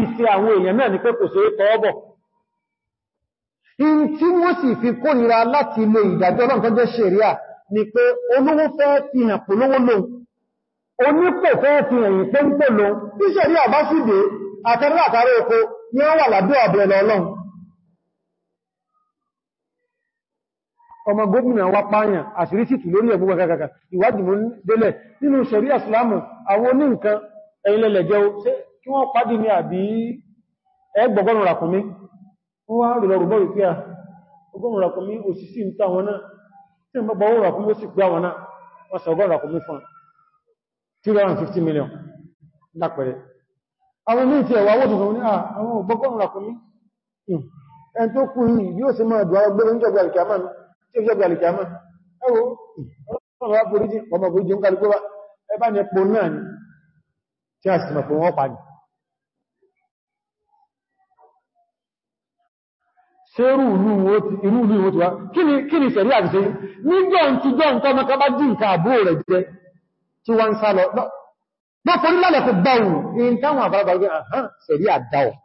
sí in tí wọ́n sì fi kórìíra láti lo ìdájọ́ náà tọ́jọ́ ṣẹ̀ríà ni pé olówó fẹ́ fi hàn polówó lò onípò fẹ́ fi hàn yìí pé ń pò lò tí ṣẹ̀ríà bá sì dé àtẹ́rẹ́ àtàrà oko ni wọ́n wà lábẹ́ ọ̀bẹ̀rẹ̀ ọlọ́run ọmọ gómìnà wa pààyàn àṣírí sí tù lórí ẹ̀gbogbo kàkàkà ìwádìí mú délẹ̀ nínú ṣẹ̀rí àsìlámù àwọn oní nǹkan ẹ̀yìnlẹ̀lẹ̀ jẹ́ kí wọ́n pàdé ní àbí ẹgbọ̀gọ́rùn-ún ràkúnmí wọ́n wá rí lọ́rùbọ́ ìpé à ọgọ́rùn ràkùnmí òsìsí ń tà wọn náà tí ń bọ́gbọ́ ràkùnmí ó sì gbá wọn náà wọ́n sọ ọgọ́rùn ràkùnmí fún 350 million lápẹẹrẹ àwọn ní ti ẹ̀wà owó tuntun ní àwọn ọgbọ́gọ́rùn ràkùnmí hmm. ẹn tó kú yìí yóò sì máa dùn jọ́gbẹ̀ alìkàmá tí ó jọ́gbẹ̀ alìkàmá ẹwọ́ ọmọ ọmọ ń ṣe irú ìlú ìwò ti wá kí ni sẹ̀rí àti sẹ́yí ní jọun ti jọun tó mọ́ká bá jí nǹkan àbúrò rẹ̀ jẹ́ tí wọ́n ń sá lọ bọ́ fún lálẹ̀ kò gbáwù in táwọn àbáragbàgbé àhán sẹ̀rí àdáwọ̀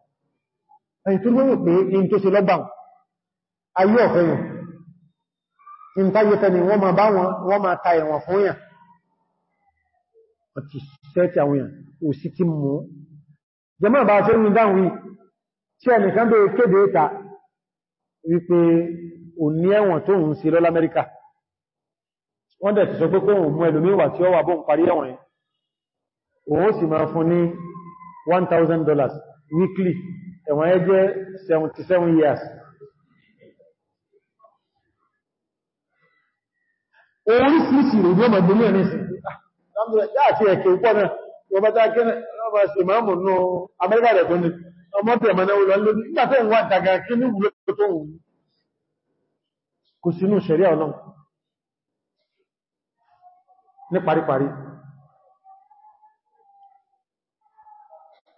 ẹni tó gbóyìn pé in tó ṣe lọ́gbàun ayé ọ̀fẹ́ yàn in táyé fẹ́ ni wọ́n máa bá wọn wọ́n máa ta ẹ̀wọ̀n fún yàn àti sẹ́ẹ̀tì àwọn yàn ò sí wípé o ní ẹ̀wọ̀n tó ń ṣe lọ l'Amẹ́ríkà wọ́n dẹ̀ ti sọ pé kóhùn mú ẹlòmíwà tí ó wà bó ń parí ẹ̀wọ̀n yẹn òun sì máa fún ní $1,000 weekly ẹ̀wọ̀n ẹ jẹ́ 77 years orísìírísìí rẹ̀ yóò mọ̀ gbẹ̀mí ẹ̀rin sí láti ẹ̀kẹ́ pọ̀ náà wọ́n bá tákẹ́ ọmọ sí máa mọ̀ ní Amẹ́ríkà rẹ̀ tó ní ọmọdé ẹ̀mọ́ náà lọ́lọ́dún nígbàtẹ́ ìwọ̀n àtàgà kí ní tó tó wù kò sínú ṣẹ̀rí ọlọ́run ní paríparí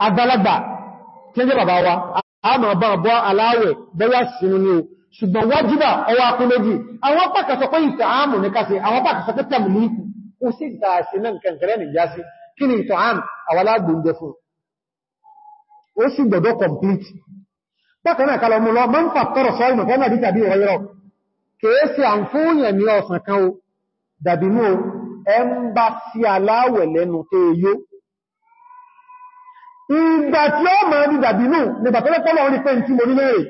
àgbàlagbà tí ó jẹ́ bàbá wa a máa bá bọ́ aláwẹ̀ bẹ́yà sínú ní o ṣùgbọ́n wájúbà ọwọ́ akúnlójì àwọn pàkàsọ pé ìtà àmù ní kásí àwọn pàkàsọ pé tàbí ní ikú ó sì dáàsì náà kẹ̀kẹ̀rẹ́ ní já sí kí ni ìtà àmù àwàlágbòǹdẹ fún ó sì gbọ́dọ̀ complete bákanáà kalọ̀ mú lọ mọ́n fàtọ́rọ̀ sọ ìmọ̀ fọ́nà dìtà bí ọ̀yọ́ kèése àǹfóòyàn ní ọ̀sán kan o dàbínú ẹ ń bá sí aláwẹ̀ lẹ́nu tó e yó ìgbà tí ó máa ní dàbínú nígbàtọ́lẹ́pọ́lọ́ orí pé tí mo nílé rẹ̀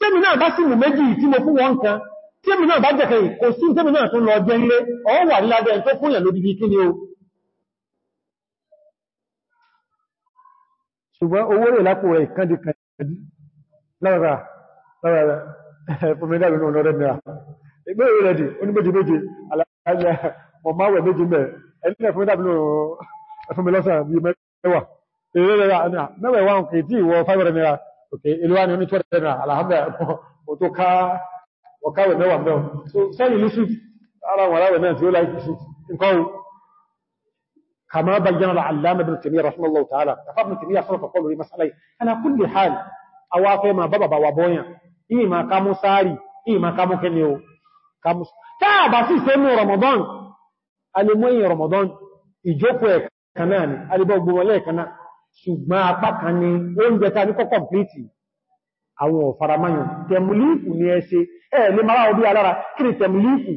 tẹ́mi náà bá sí mú méjì tí mo fún wọn kan tẹ́mi náà bá jẹ́kẹ̀ kò sí tẹ́mi náà tó lọ jẹ́ nlé ọ wà níládẹ́ tó fúnyàn lódìdí kí ni o ṣùgbọ́n owó rẹ̀ lápò rẹ̀ ìkàndìkàndì lábàbà lábàbà fúnmílẹ̀ ìlú ọ̀rẹ́ mẹ́ra ìgbé ìrẹ́ dì oníbèjì méje aláàrẹ mọ̀máwẹ̀ méje mẹ́ ẹ̀lẹ́ fúnmílẹ̀ ìlú ẹ̀fúnmílọ́sà bí mẹ́wàá mẹ́wàá kìí tí ìwọ 500 mẹ́ra òkè ìlú wá ní oní 200 mẹ́ra alhamdulillah òtó ká ọ̀káwẹ̀ mẹ́wàá mẹ́wàá so sẹ́yìn ní suit ara wọn aláwẹ̀ náà tí ó láì suit nǹkan كما بين العلامة ابن تيمية رحمه الله تعالى فابن تيمية صرف قوله مسألة، أنا كل حال àwa fẹ́ ma bá bàbá wa bọ́yàn ìmà kamú sáàrì ìmà kamú kẹni o tààbà sí sẹ́mù Ramadan alẹ́mọ́yìn Ramadan ìjókòó ẹ̀kanáà ni alẹ́bọ́gbọ́mọlẹ́ ẹ̀kanáà ṣùgbọ́n apá kan ni oúnjẹ ta ní kọ́ kọ̀m̀plìtì àwọn ọ̀faramáyàn tẹ̀mùlífù ni ẹ ṣe ẹ̀ lè mara ọdún alára kí ni tẹ̀mùlífù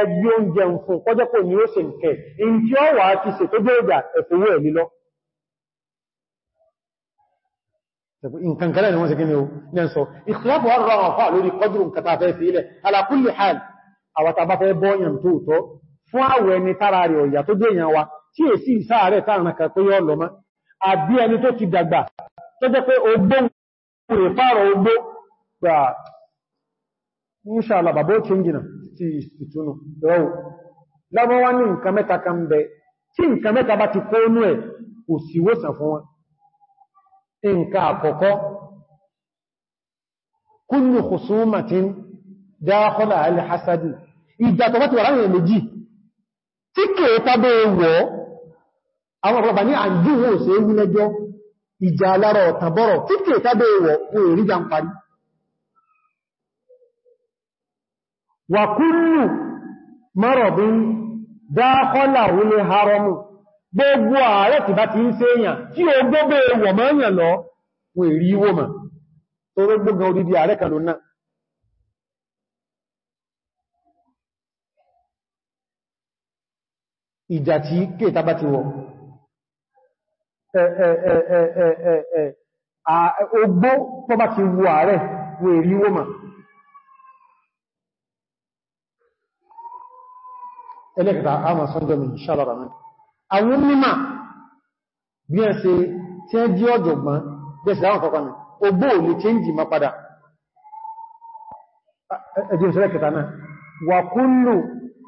ẹgbí oúnjẹ ń fún kọjẹ́kò ní ó ṣe nǹkan kẹrẹ ni wọ́n ṣe gínú ní ẹ̀sọ́ ìkìláàbù wà rọrọ̀ fà lórí kọjúrùn kàtà fẹ́ fi ilẹ̀ alákùnlé hàn àwàtà bá fẹ́ bọ́yàn tó tọ́ fún àwẹ̀ ni tára rẹ̀ ọ̀yà tó dé èèyàn wa tí è sí ìsáàrẹ̀ tààrànàkà pé yọ́ lọ́mọ́ àbí ẹni tó ti dàgbà tó jẹ́ nǹkan àkọ́kọ́ kullu khusumatin dakhala al-hasad ìjàtọ̀kọ́ ti wà láàrin méjì tí kèé tábẹ́ wọ́ àwọn ọ̀pọ̀lọpàá ní àjúwò sí ewu lẹ́jọ́ ìjà alára ọ̀tàbọ̀rọ̀ tí kèé tábẹ́ wọ́ wọ́n èrí gbogbo ààrẹ tí bá ti ń ṣe èyàn tí gbogbo èwọ̀ mọ́ lọ wọ́n èrí ìwò mọ̀ tó rọ gbogbo odidi ààrẹ kan ìjà tí kéta bá ti wọ̀ ogbó tó bá ti wọ ààrẹ wọ́n èrí mọ̀ ẹlẹ́kẹta àwọn mímọ̀ bí ẹ ṣe tí ẹ jí ọ̀jọ̀gbọ́n bẹ́ẹ̀sì láwọn kọ̀kọ́ náà ogbó ò lè change ma padà ẹjọ́ ìṣẹ́lẹ̀ kẹta náà wà kúlù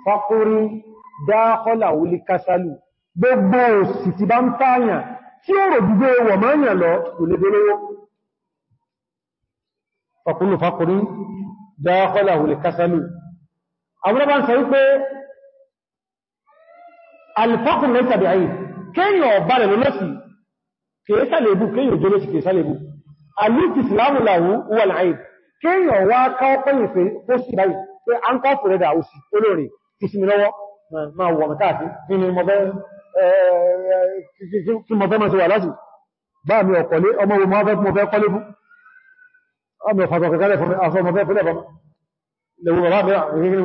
fakúrí dákọ́là wuli kásálù gbogbo òsì ti bá ń tààyàn tí ó rò gbogbo wọ̀ mọ́yàn lọ kò lè dolówó fakúlù fakúrí dákọ́là wuli kásálù àwọn bá ń sọ wípé alifakun mẹ́ta bí ayé kéyàn ọ̀bá rẹ̀ lọ́lọ́sì kèésàlébù kéyàn òjò lọ́sì kèésàlébù alìtì islamu làwú wà láàáyé kéyàn wá káwọ́ pẹ́yìn pé ó sì báyìí pé a ń kọ́ fòrẹ́ dà òsì olóòrè ti sí eh, mi lọ́wọ́ máa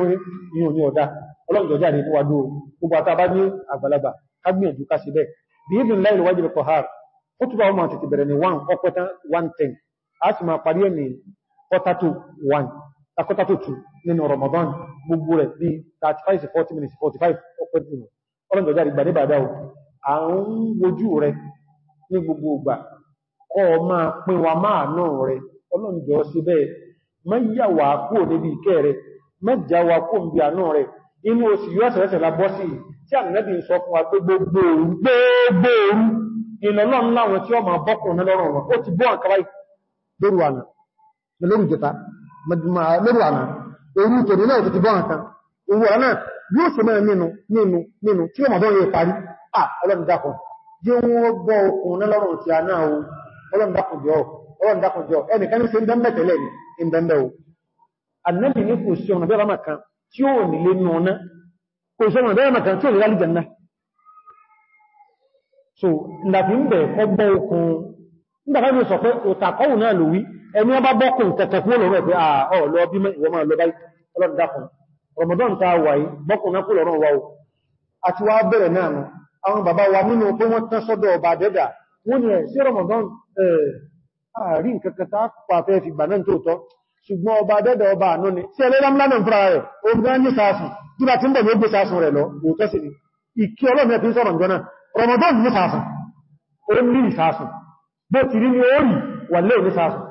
wà láti ọlọ́njọjá rí fún wájú gbogbo àtàbá àgbàlagbà kágbìyànjú ká sí bẹ́ bí i dùn láìlú wájú ó túbà ọmọ àti bẹ̀rẹ̀ 1 ọpẹta 110 a sì máa parí ẹ̀mí ọtàtò 1 akọtàtò 2 nínú gbogbo rẹ̀ bí 35-40 minutes 45 ọpẹtìmọ̀ ọlọ́njọjá bàdá à ń gbogbo kọ́ máa pín wa máa náà rẹ̀ ọlọ́njọ́ sí bẹ́ẹ̀ níbi rẹ̀ inú oṣù yóò ṣẹ̀rẹ́sẹ̀ labọ́ sí tí ànìyàn sọ fún wa pé gbogbo òru gbogbo òru ìlọ́lọ́run láwọn tí ó máa bọ́kùn ní lọ́rùn wọn ó ti bọ́ àkàrà lóru àná lóru jẹta lóru àná orú tòní náà ti bọ́ àkà owó àná yóò ṣe mẹ́rin nínú nínú nínú tí wọ́n mọ̀dán yóò parí à ọlọ́ndakùn jẹ́ wọ́n gbọ́ okùn ní lọ́rùn ti àná o tí ó nílé ní ọ̀nà kò sọ́nà bẹ́rẹ̀ mẹ́kan tí ó lè alìjẹ̀nà so láti ń bẹ̀ ọgbọ́ okun nígbàtàbí sọ pé òtàkọ́wù náà lò wí ẹni ọba bọ́kùn tẹ̀tẹ̀kún lọ́rọ̀ ẹ̀ pé ààlọ́ bí wọ́n máa lọ báyìí ọlọ́dàkùn Ramadan ta wà yìí bọ́kùn náà kú lọ́rọ̀ wà ó àti wá bẹ̀rẹ̀ náà nù ààrí nǹkan kẹta pàfẹ́ fi gbà náà tóòtọ́ ṣùgbọ́n ọba dẹ́dẹ̀ ọba àánú ni tí ẹlẹ́lámlánà fúnra rẹ̀ ogun ní sáàfún tí bá ti ń bọ̀ ní ó gbé sáàfún rẹ̀ lọ òótọ́ sí ni ìkí ọlọ́mẹ́ fi ń sọ̀rọ̀ jọna Ramadan ní sáàfún ó ní ìsáàfún bó ti rí ní orí wà lé ní sáàfún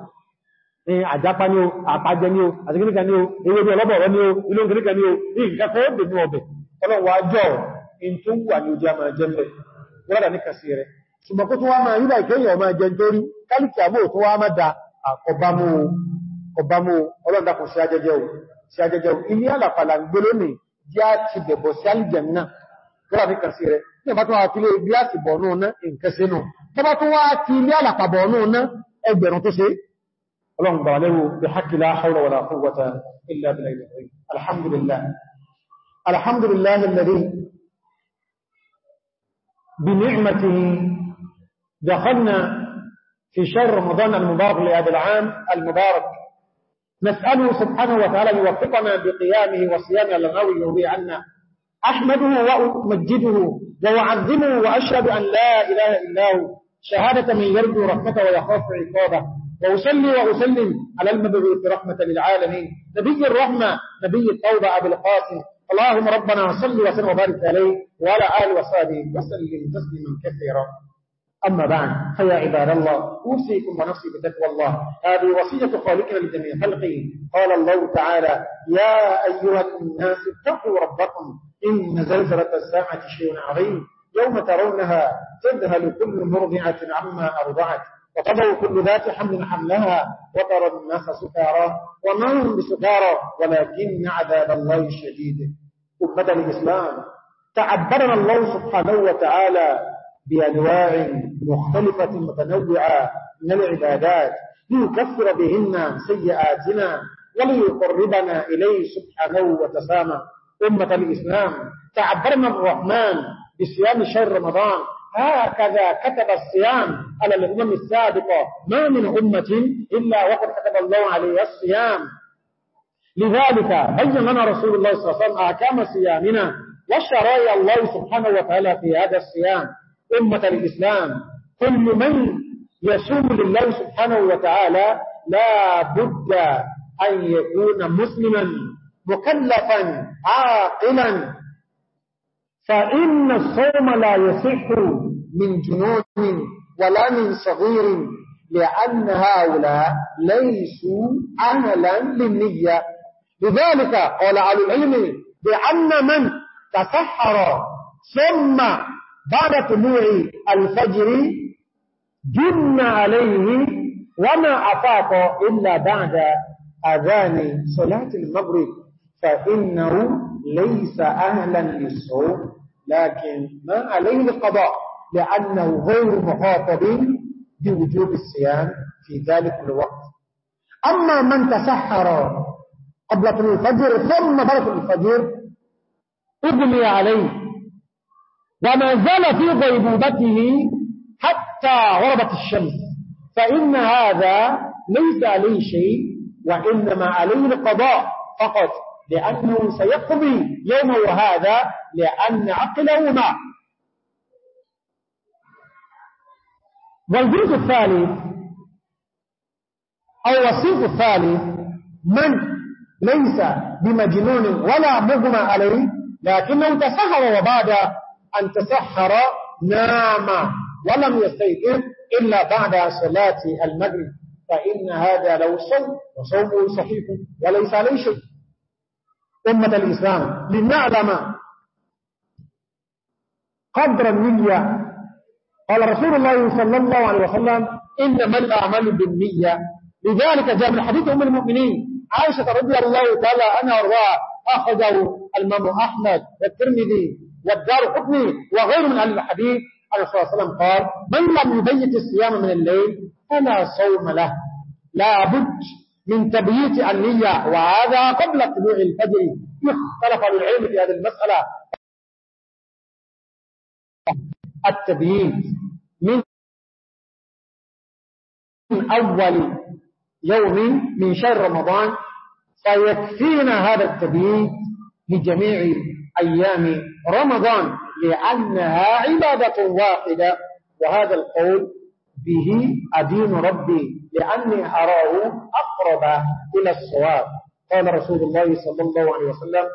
ní àjápa ní o àpájẹ ní o àtìkíníkà ní o ewé bí ọlọ́bọ̀ọ̀rọ̀ ní o ilé òkìníkà ní o ní ìkẹ́kọ̀ọ́ ó dènú ọba mú ọlọ́dàkùn sí ajẹjẹ o sí ajẹjẹ o ilé àlàpàlà gbélé mi jẹ́ àti bẹ̀bọ̀ sí alìjẹ̀mìnà gráfíkà sí rẹ̀ ní ẹ̀bá tó wá kílé bí á sì bọ̀ náà ná ìǹkẹsẹ̀ náà tó bá tó wá ti ilé àlàpàbọ̀ náà ná ẹgbẹ̀rún tó ṣe ọlọ́run gbà lẹ́wọ́ bí hákìlá haúrọ̀ wà نسأله سبحانه وتعالى يوفقنا بقيامه وصيامه الغوي يرضي عنا أحمده وأمجده وأعظمه وأشهد أن لا إله إلا هو شهادة من يرجو رحمته ويخاف عقابه وأصلي وأسلم على المبعوث رحمة للعالمين نبي الرحمة نبي التوبة أبو القاسم اللهم ربنا صل وسلم وبارك عليه وعلى آله وصحبه وسلم تسليما كثيرا أما بعد فيا عباد الله أوصيكم ونفسي بتقوى الله هذه وصية خالقنا لجميع خلقه قال الله تعالى يا أيها الناس اتقوا ربكم إن زلزلة الساعة شيء عظيم يوم ترونها تذهل كل مرضعة عما أرضعت وتضع كل ذات حمل حملها وترى الناس سكارى وما هم بسكارى ولكن عذاب الله الشديد أمة الإسلام تعبرنا الله سبحانه وتعالى بأنواع مختلفة متنوعة من العبادات ليكفر بهن سيئاتنا وليقربنا إليه سبحانه وتسامى أمة الإسلام تعبرنا الرحمن بصيام شهر رمضان هكذا كتب الصيام على الأمم السابقة ما من أمة إلا وقد كتب الله عليها الصيام لذلك بين لنا رسول الله صلى الله عليه وسلم أحكام صيامنا وشرايا الله سبحانه وتعالى في هذا الصيام أمة الإسلام كل من يسوم لله سبحانه وتعالى لا بد أن يكون مسلما مكلفا عاقلا فإن الصوم لا يصح من جنود ولا من صغير لأن هؤلاء ليسوا أهلا للنية لذلك قال على العلم بأن من تسحر ثم بعد طلوع الفجر جن عليه وما أفاق إلا بعد أذان صلاة المغرب فإنه ليس أهلا للصوم لكن ما عليه القضاء لأنه غير مخاطب بوجوب الصيام في ذلك الوقت أما من تسحر قبل طلوع الفجر ثم بلغ الفجر أبني عليه وما زال في غيبوبته حتى غربت الشمس فإن هذا ليس عليه شيء وإنما عليه القضاء فقط لأنه سيقضي يومه هذا لأن عقلهما والجزء الثالث أو الصنف الثالث من ليس بمجنون ولا مغمى عليه لكنه تسهر وبعد أن تسحر نام ولم يستيقظ إلا بعد صلاة المغرب فإن هذا لو صوم وصومه صحيح وليس عليه شيء أمة الإسلام لنعلم قدر النية قال رسول الله صلى الله عليه وسلم إنما الأعمال بالنية لذلك جاء من حديث أم المؤمنين عائشة رضي الله تعالى عنها أرواح أخذه المام أحمد والترمذي والدار حكمي وغير من أهل الحديث عليه الصلاة والسلام قال من لم يبيت الصيام من الليل فلا صوم له لا بد من تبييت النية وهذا قبل طلوع الفجر اختلف العلم في هذه المسألة التبييت من أول يوم من شهر رمضان فيكفينا هذا التبييت لجميع أيام رمضان لأنها عبادة واحدة وهذا القول به أدين ربي لأني أراه أقرب إلى الصواب قال رسول الله صلى الله عليه وسلم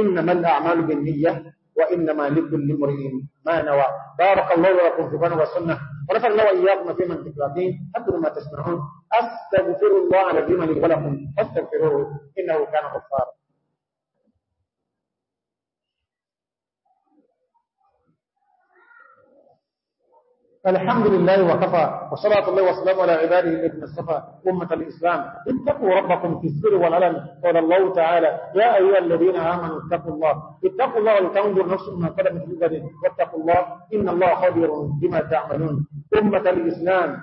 إنما الأعمال بالنية وإنما لكل امرئ ما نوى بارك الله لكم في القرآن والسنة ونفع الله وإياكم في من تكراتين أدروا ما تسمعون أستغفر الله لديما لي ولكم فاستغفروه إنه كان غفارا الحمد لله وكفى وصلاة الله وسلامه على عباده الذين اصطفى أمة الإسلام اتقوا ربكم في السر والعلن قال الله تعالى يا أيها الذين آمنوا اتقوا الله اتقوا الله لتنظر نفس ما قدمت لبنه واتقوا الله إن الله خبير بما تعملون أمة الإسلام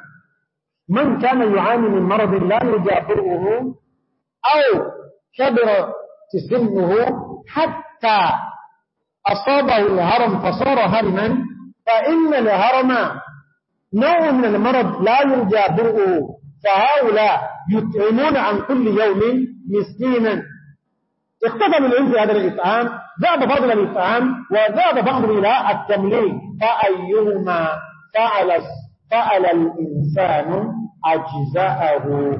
من كان يعاني من مرض لا فرؤه أو كبر سنه حتى أصابه الهرم فصار هرما فإن الهرم نوع من المرض لا يرجى برؤه فهؤلاء يطعمون عن كل يوم مسكينا اقتضى من عند هذا الإطعام ذهب بعض إلى الإطعام وذهب بعض إلى التمليك فأيهما فعل, فعل الإنسان أجزاءه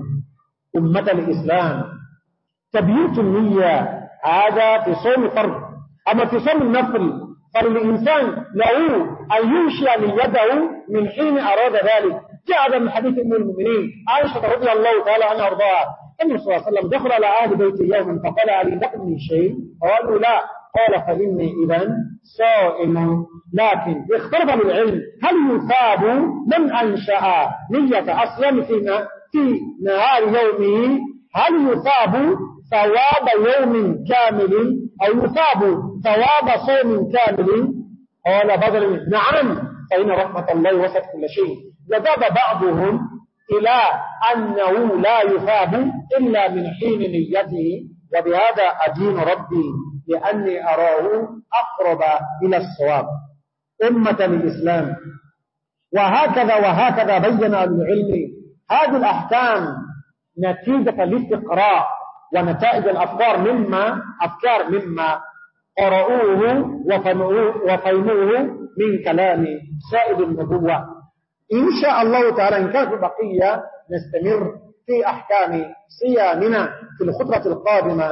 أمة الإسلام تبيوت النية هذا في صوم فرض أما في صوم النفل بل الإنسان له أن يوشي من يده من حين أراد ذلك جاء هذا من حديث أم المؤمنين عائشة رضي الله تعالى عنها أرضاها النبي صلى الله عليه وسلم دخل على أهل بيته يوما فقال علي لكم من شيء قالوا لا قال فإني إذا صائم لكن اختلف العلم هل يثاب من أنشأ نية أصلا في في نهار يومه هل يثاب ثواب يوم كامل أو يثاب ثواب صوم كامل قال بدل نعم فإن رحمة الله وسط كل شيء وذهب بعضهم إلى أنه لا يثاب إلا من حين نيته وبهذا أدين ربي لأني أراه أقرب إلى الصواب أمة الإسلام وهكذا وهكذا بين العلم هذه الأحكام نتيجة الاستقراء ونتائج الأفكار مما أفكار مما قرؤوه وفهموه من كلام سائد النبوة إن شاء الله تعالى إن كانت بقية نستمر في أحكام صيامنا في الخطرة القادمة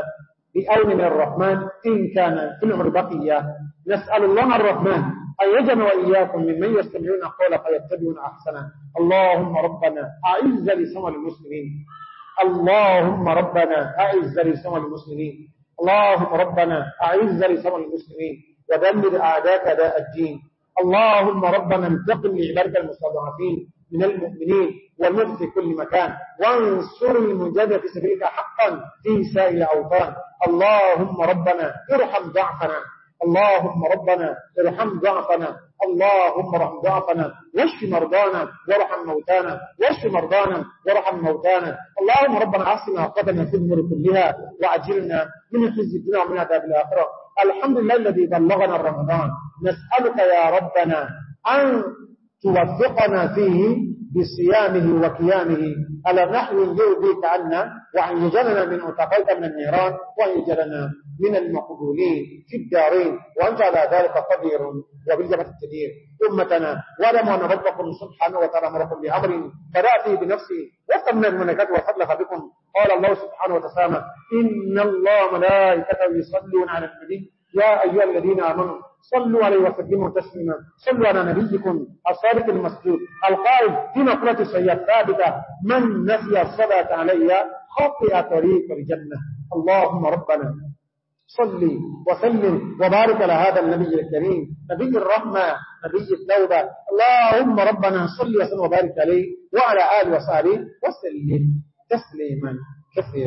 بأول من الرحمن إن كان في العمر بقية نسأل الله الرحمن أن يجن وإياكم ممن يستمعون قولا فيتبعون أحسنا اللهم ربنا أعز لسوى المسلمين اللهم ربنا أعز لسوى المسلمين اللهم ربنا أعز لسوى المسلمين ودمر أعداك داء الدين اللهم ربنا انتقم لعبادك المستضعفين من المؤمنين والمؤمن في كل مكان وانصر المجاهد في سبيلك حقا في سائر أوطان اللهم ربنا ارحم ضعفنا اللهم ربنا ارحم ضعفنا اللهم ارحم ضعفنا واشف مرضانا وارحم موتانا واشف مرضانا وارحم موتانا اللهم ربنا عصنا قدنا في الامور كلها وعجلنا من خزي الدنيا ومن عذاب الاخره الحمد لله الذي بلغنا رمضان نسالك يا ربنا ان توفقنا فيه بصيامه وقيامه على نحو يرضيك عنا وأن يجعلنا من أتقيت من النيران وأن من المقبولين في الدارين وأنت على ذلك قدير وبالجبة التدير أمتنا ولم أن ربكم سبحانه وتعالى أمركم بأمر فدأتي بنفسي وصل من الملكات وصلخ بكم قال الله سبحانه وتعالى إن الله ملائكته يصلون على النبي يا أيها الذين آمنوا صلوا عليه وسلموا تسليما صلوا على نبيكم الصادق المسجود القائد في مقلة السيئة ثابتة من نسي الصلاة علي خطئ طريق الجنة اللهم ربنا صلي وسلم وبارك على هذا النبي الكريم نبي الرحمة نبي التوبة اللهم ربنا صلي وسلم وبارك عليه وعلى آله وصحبه وسلم تسليما كثيرا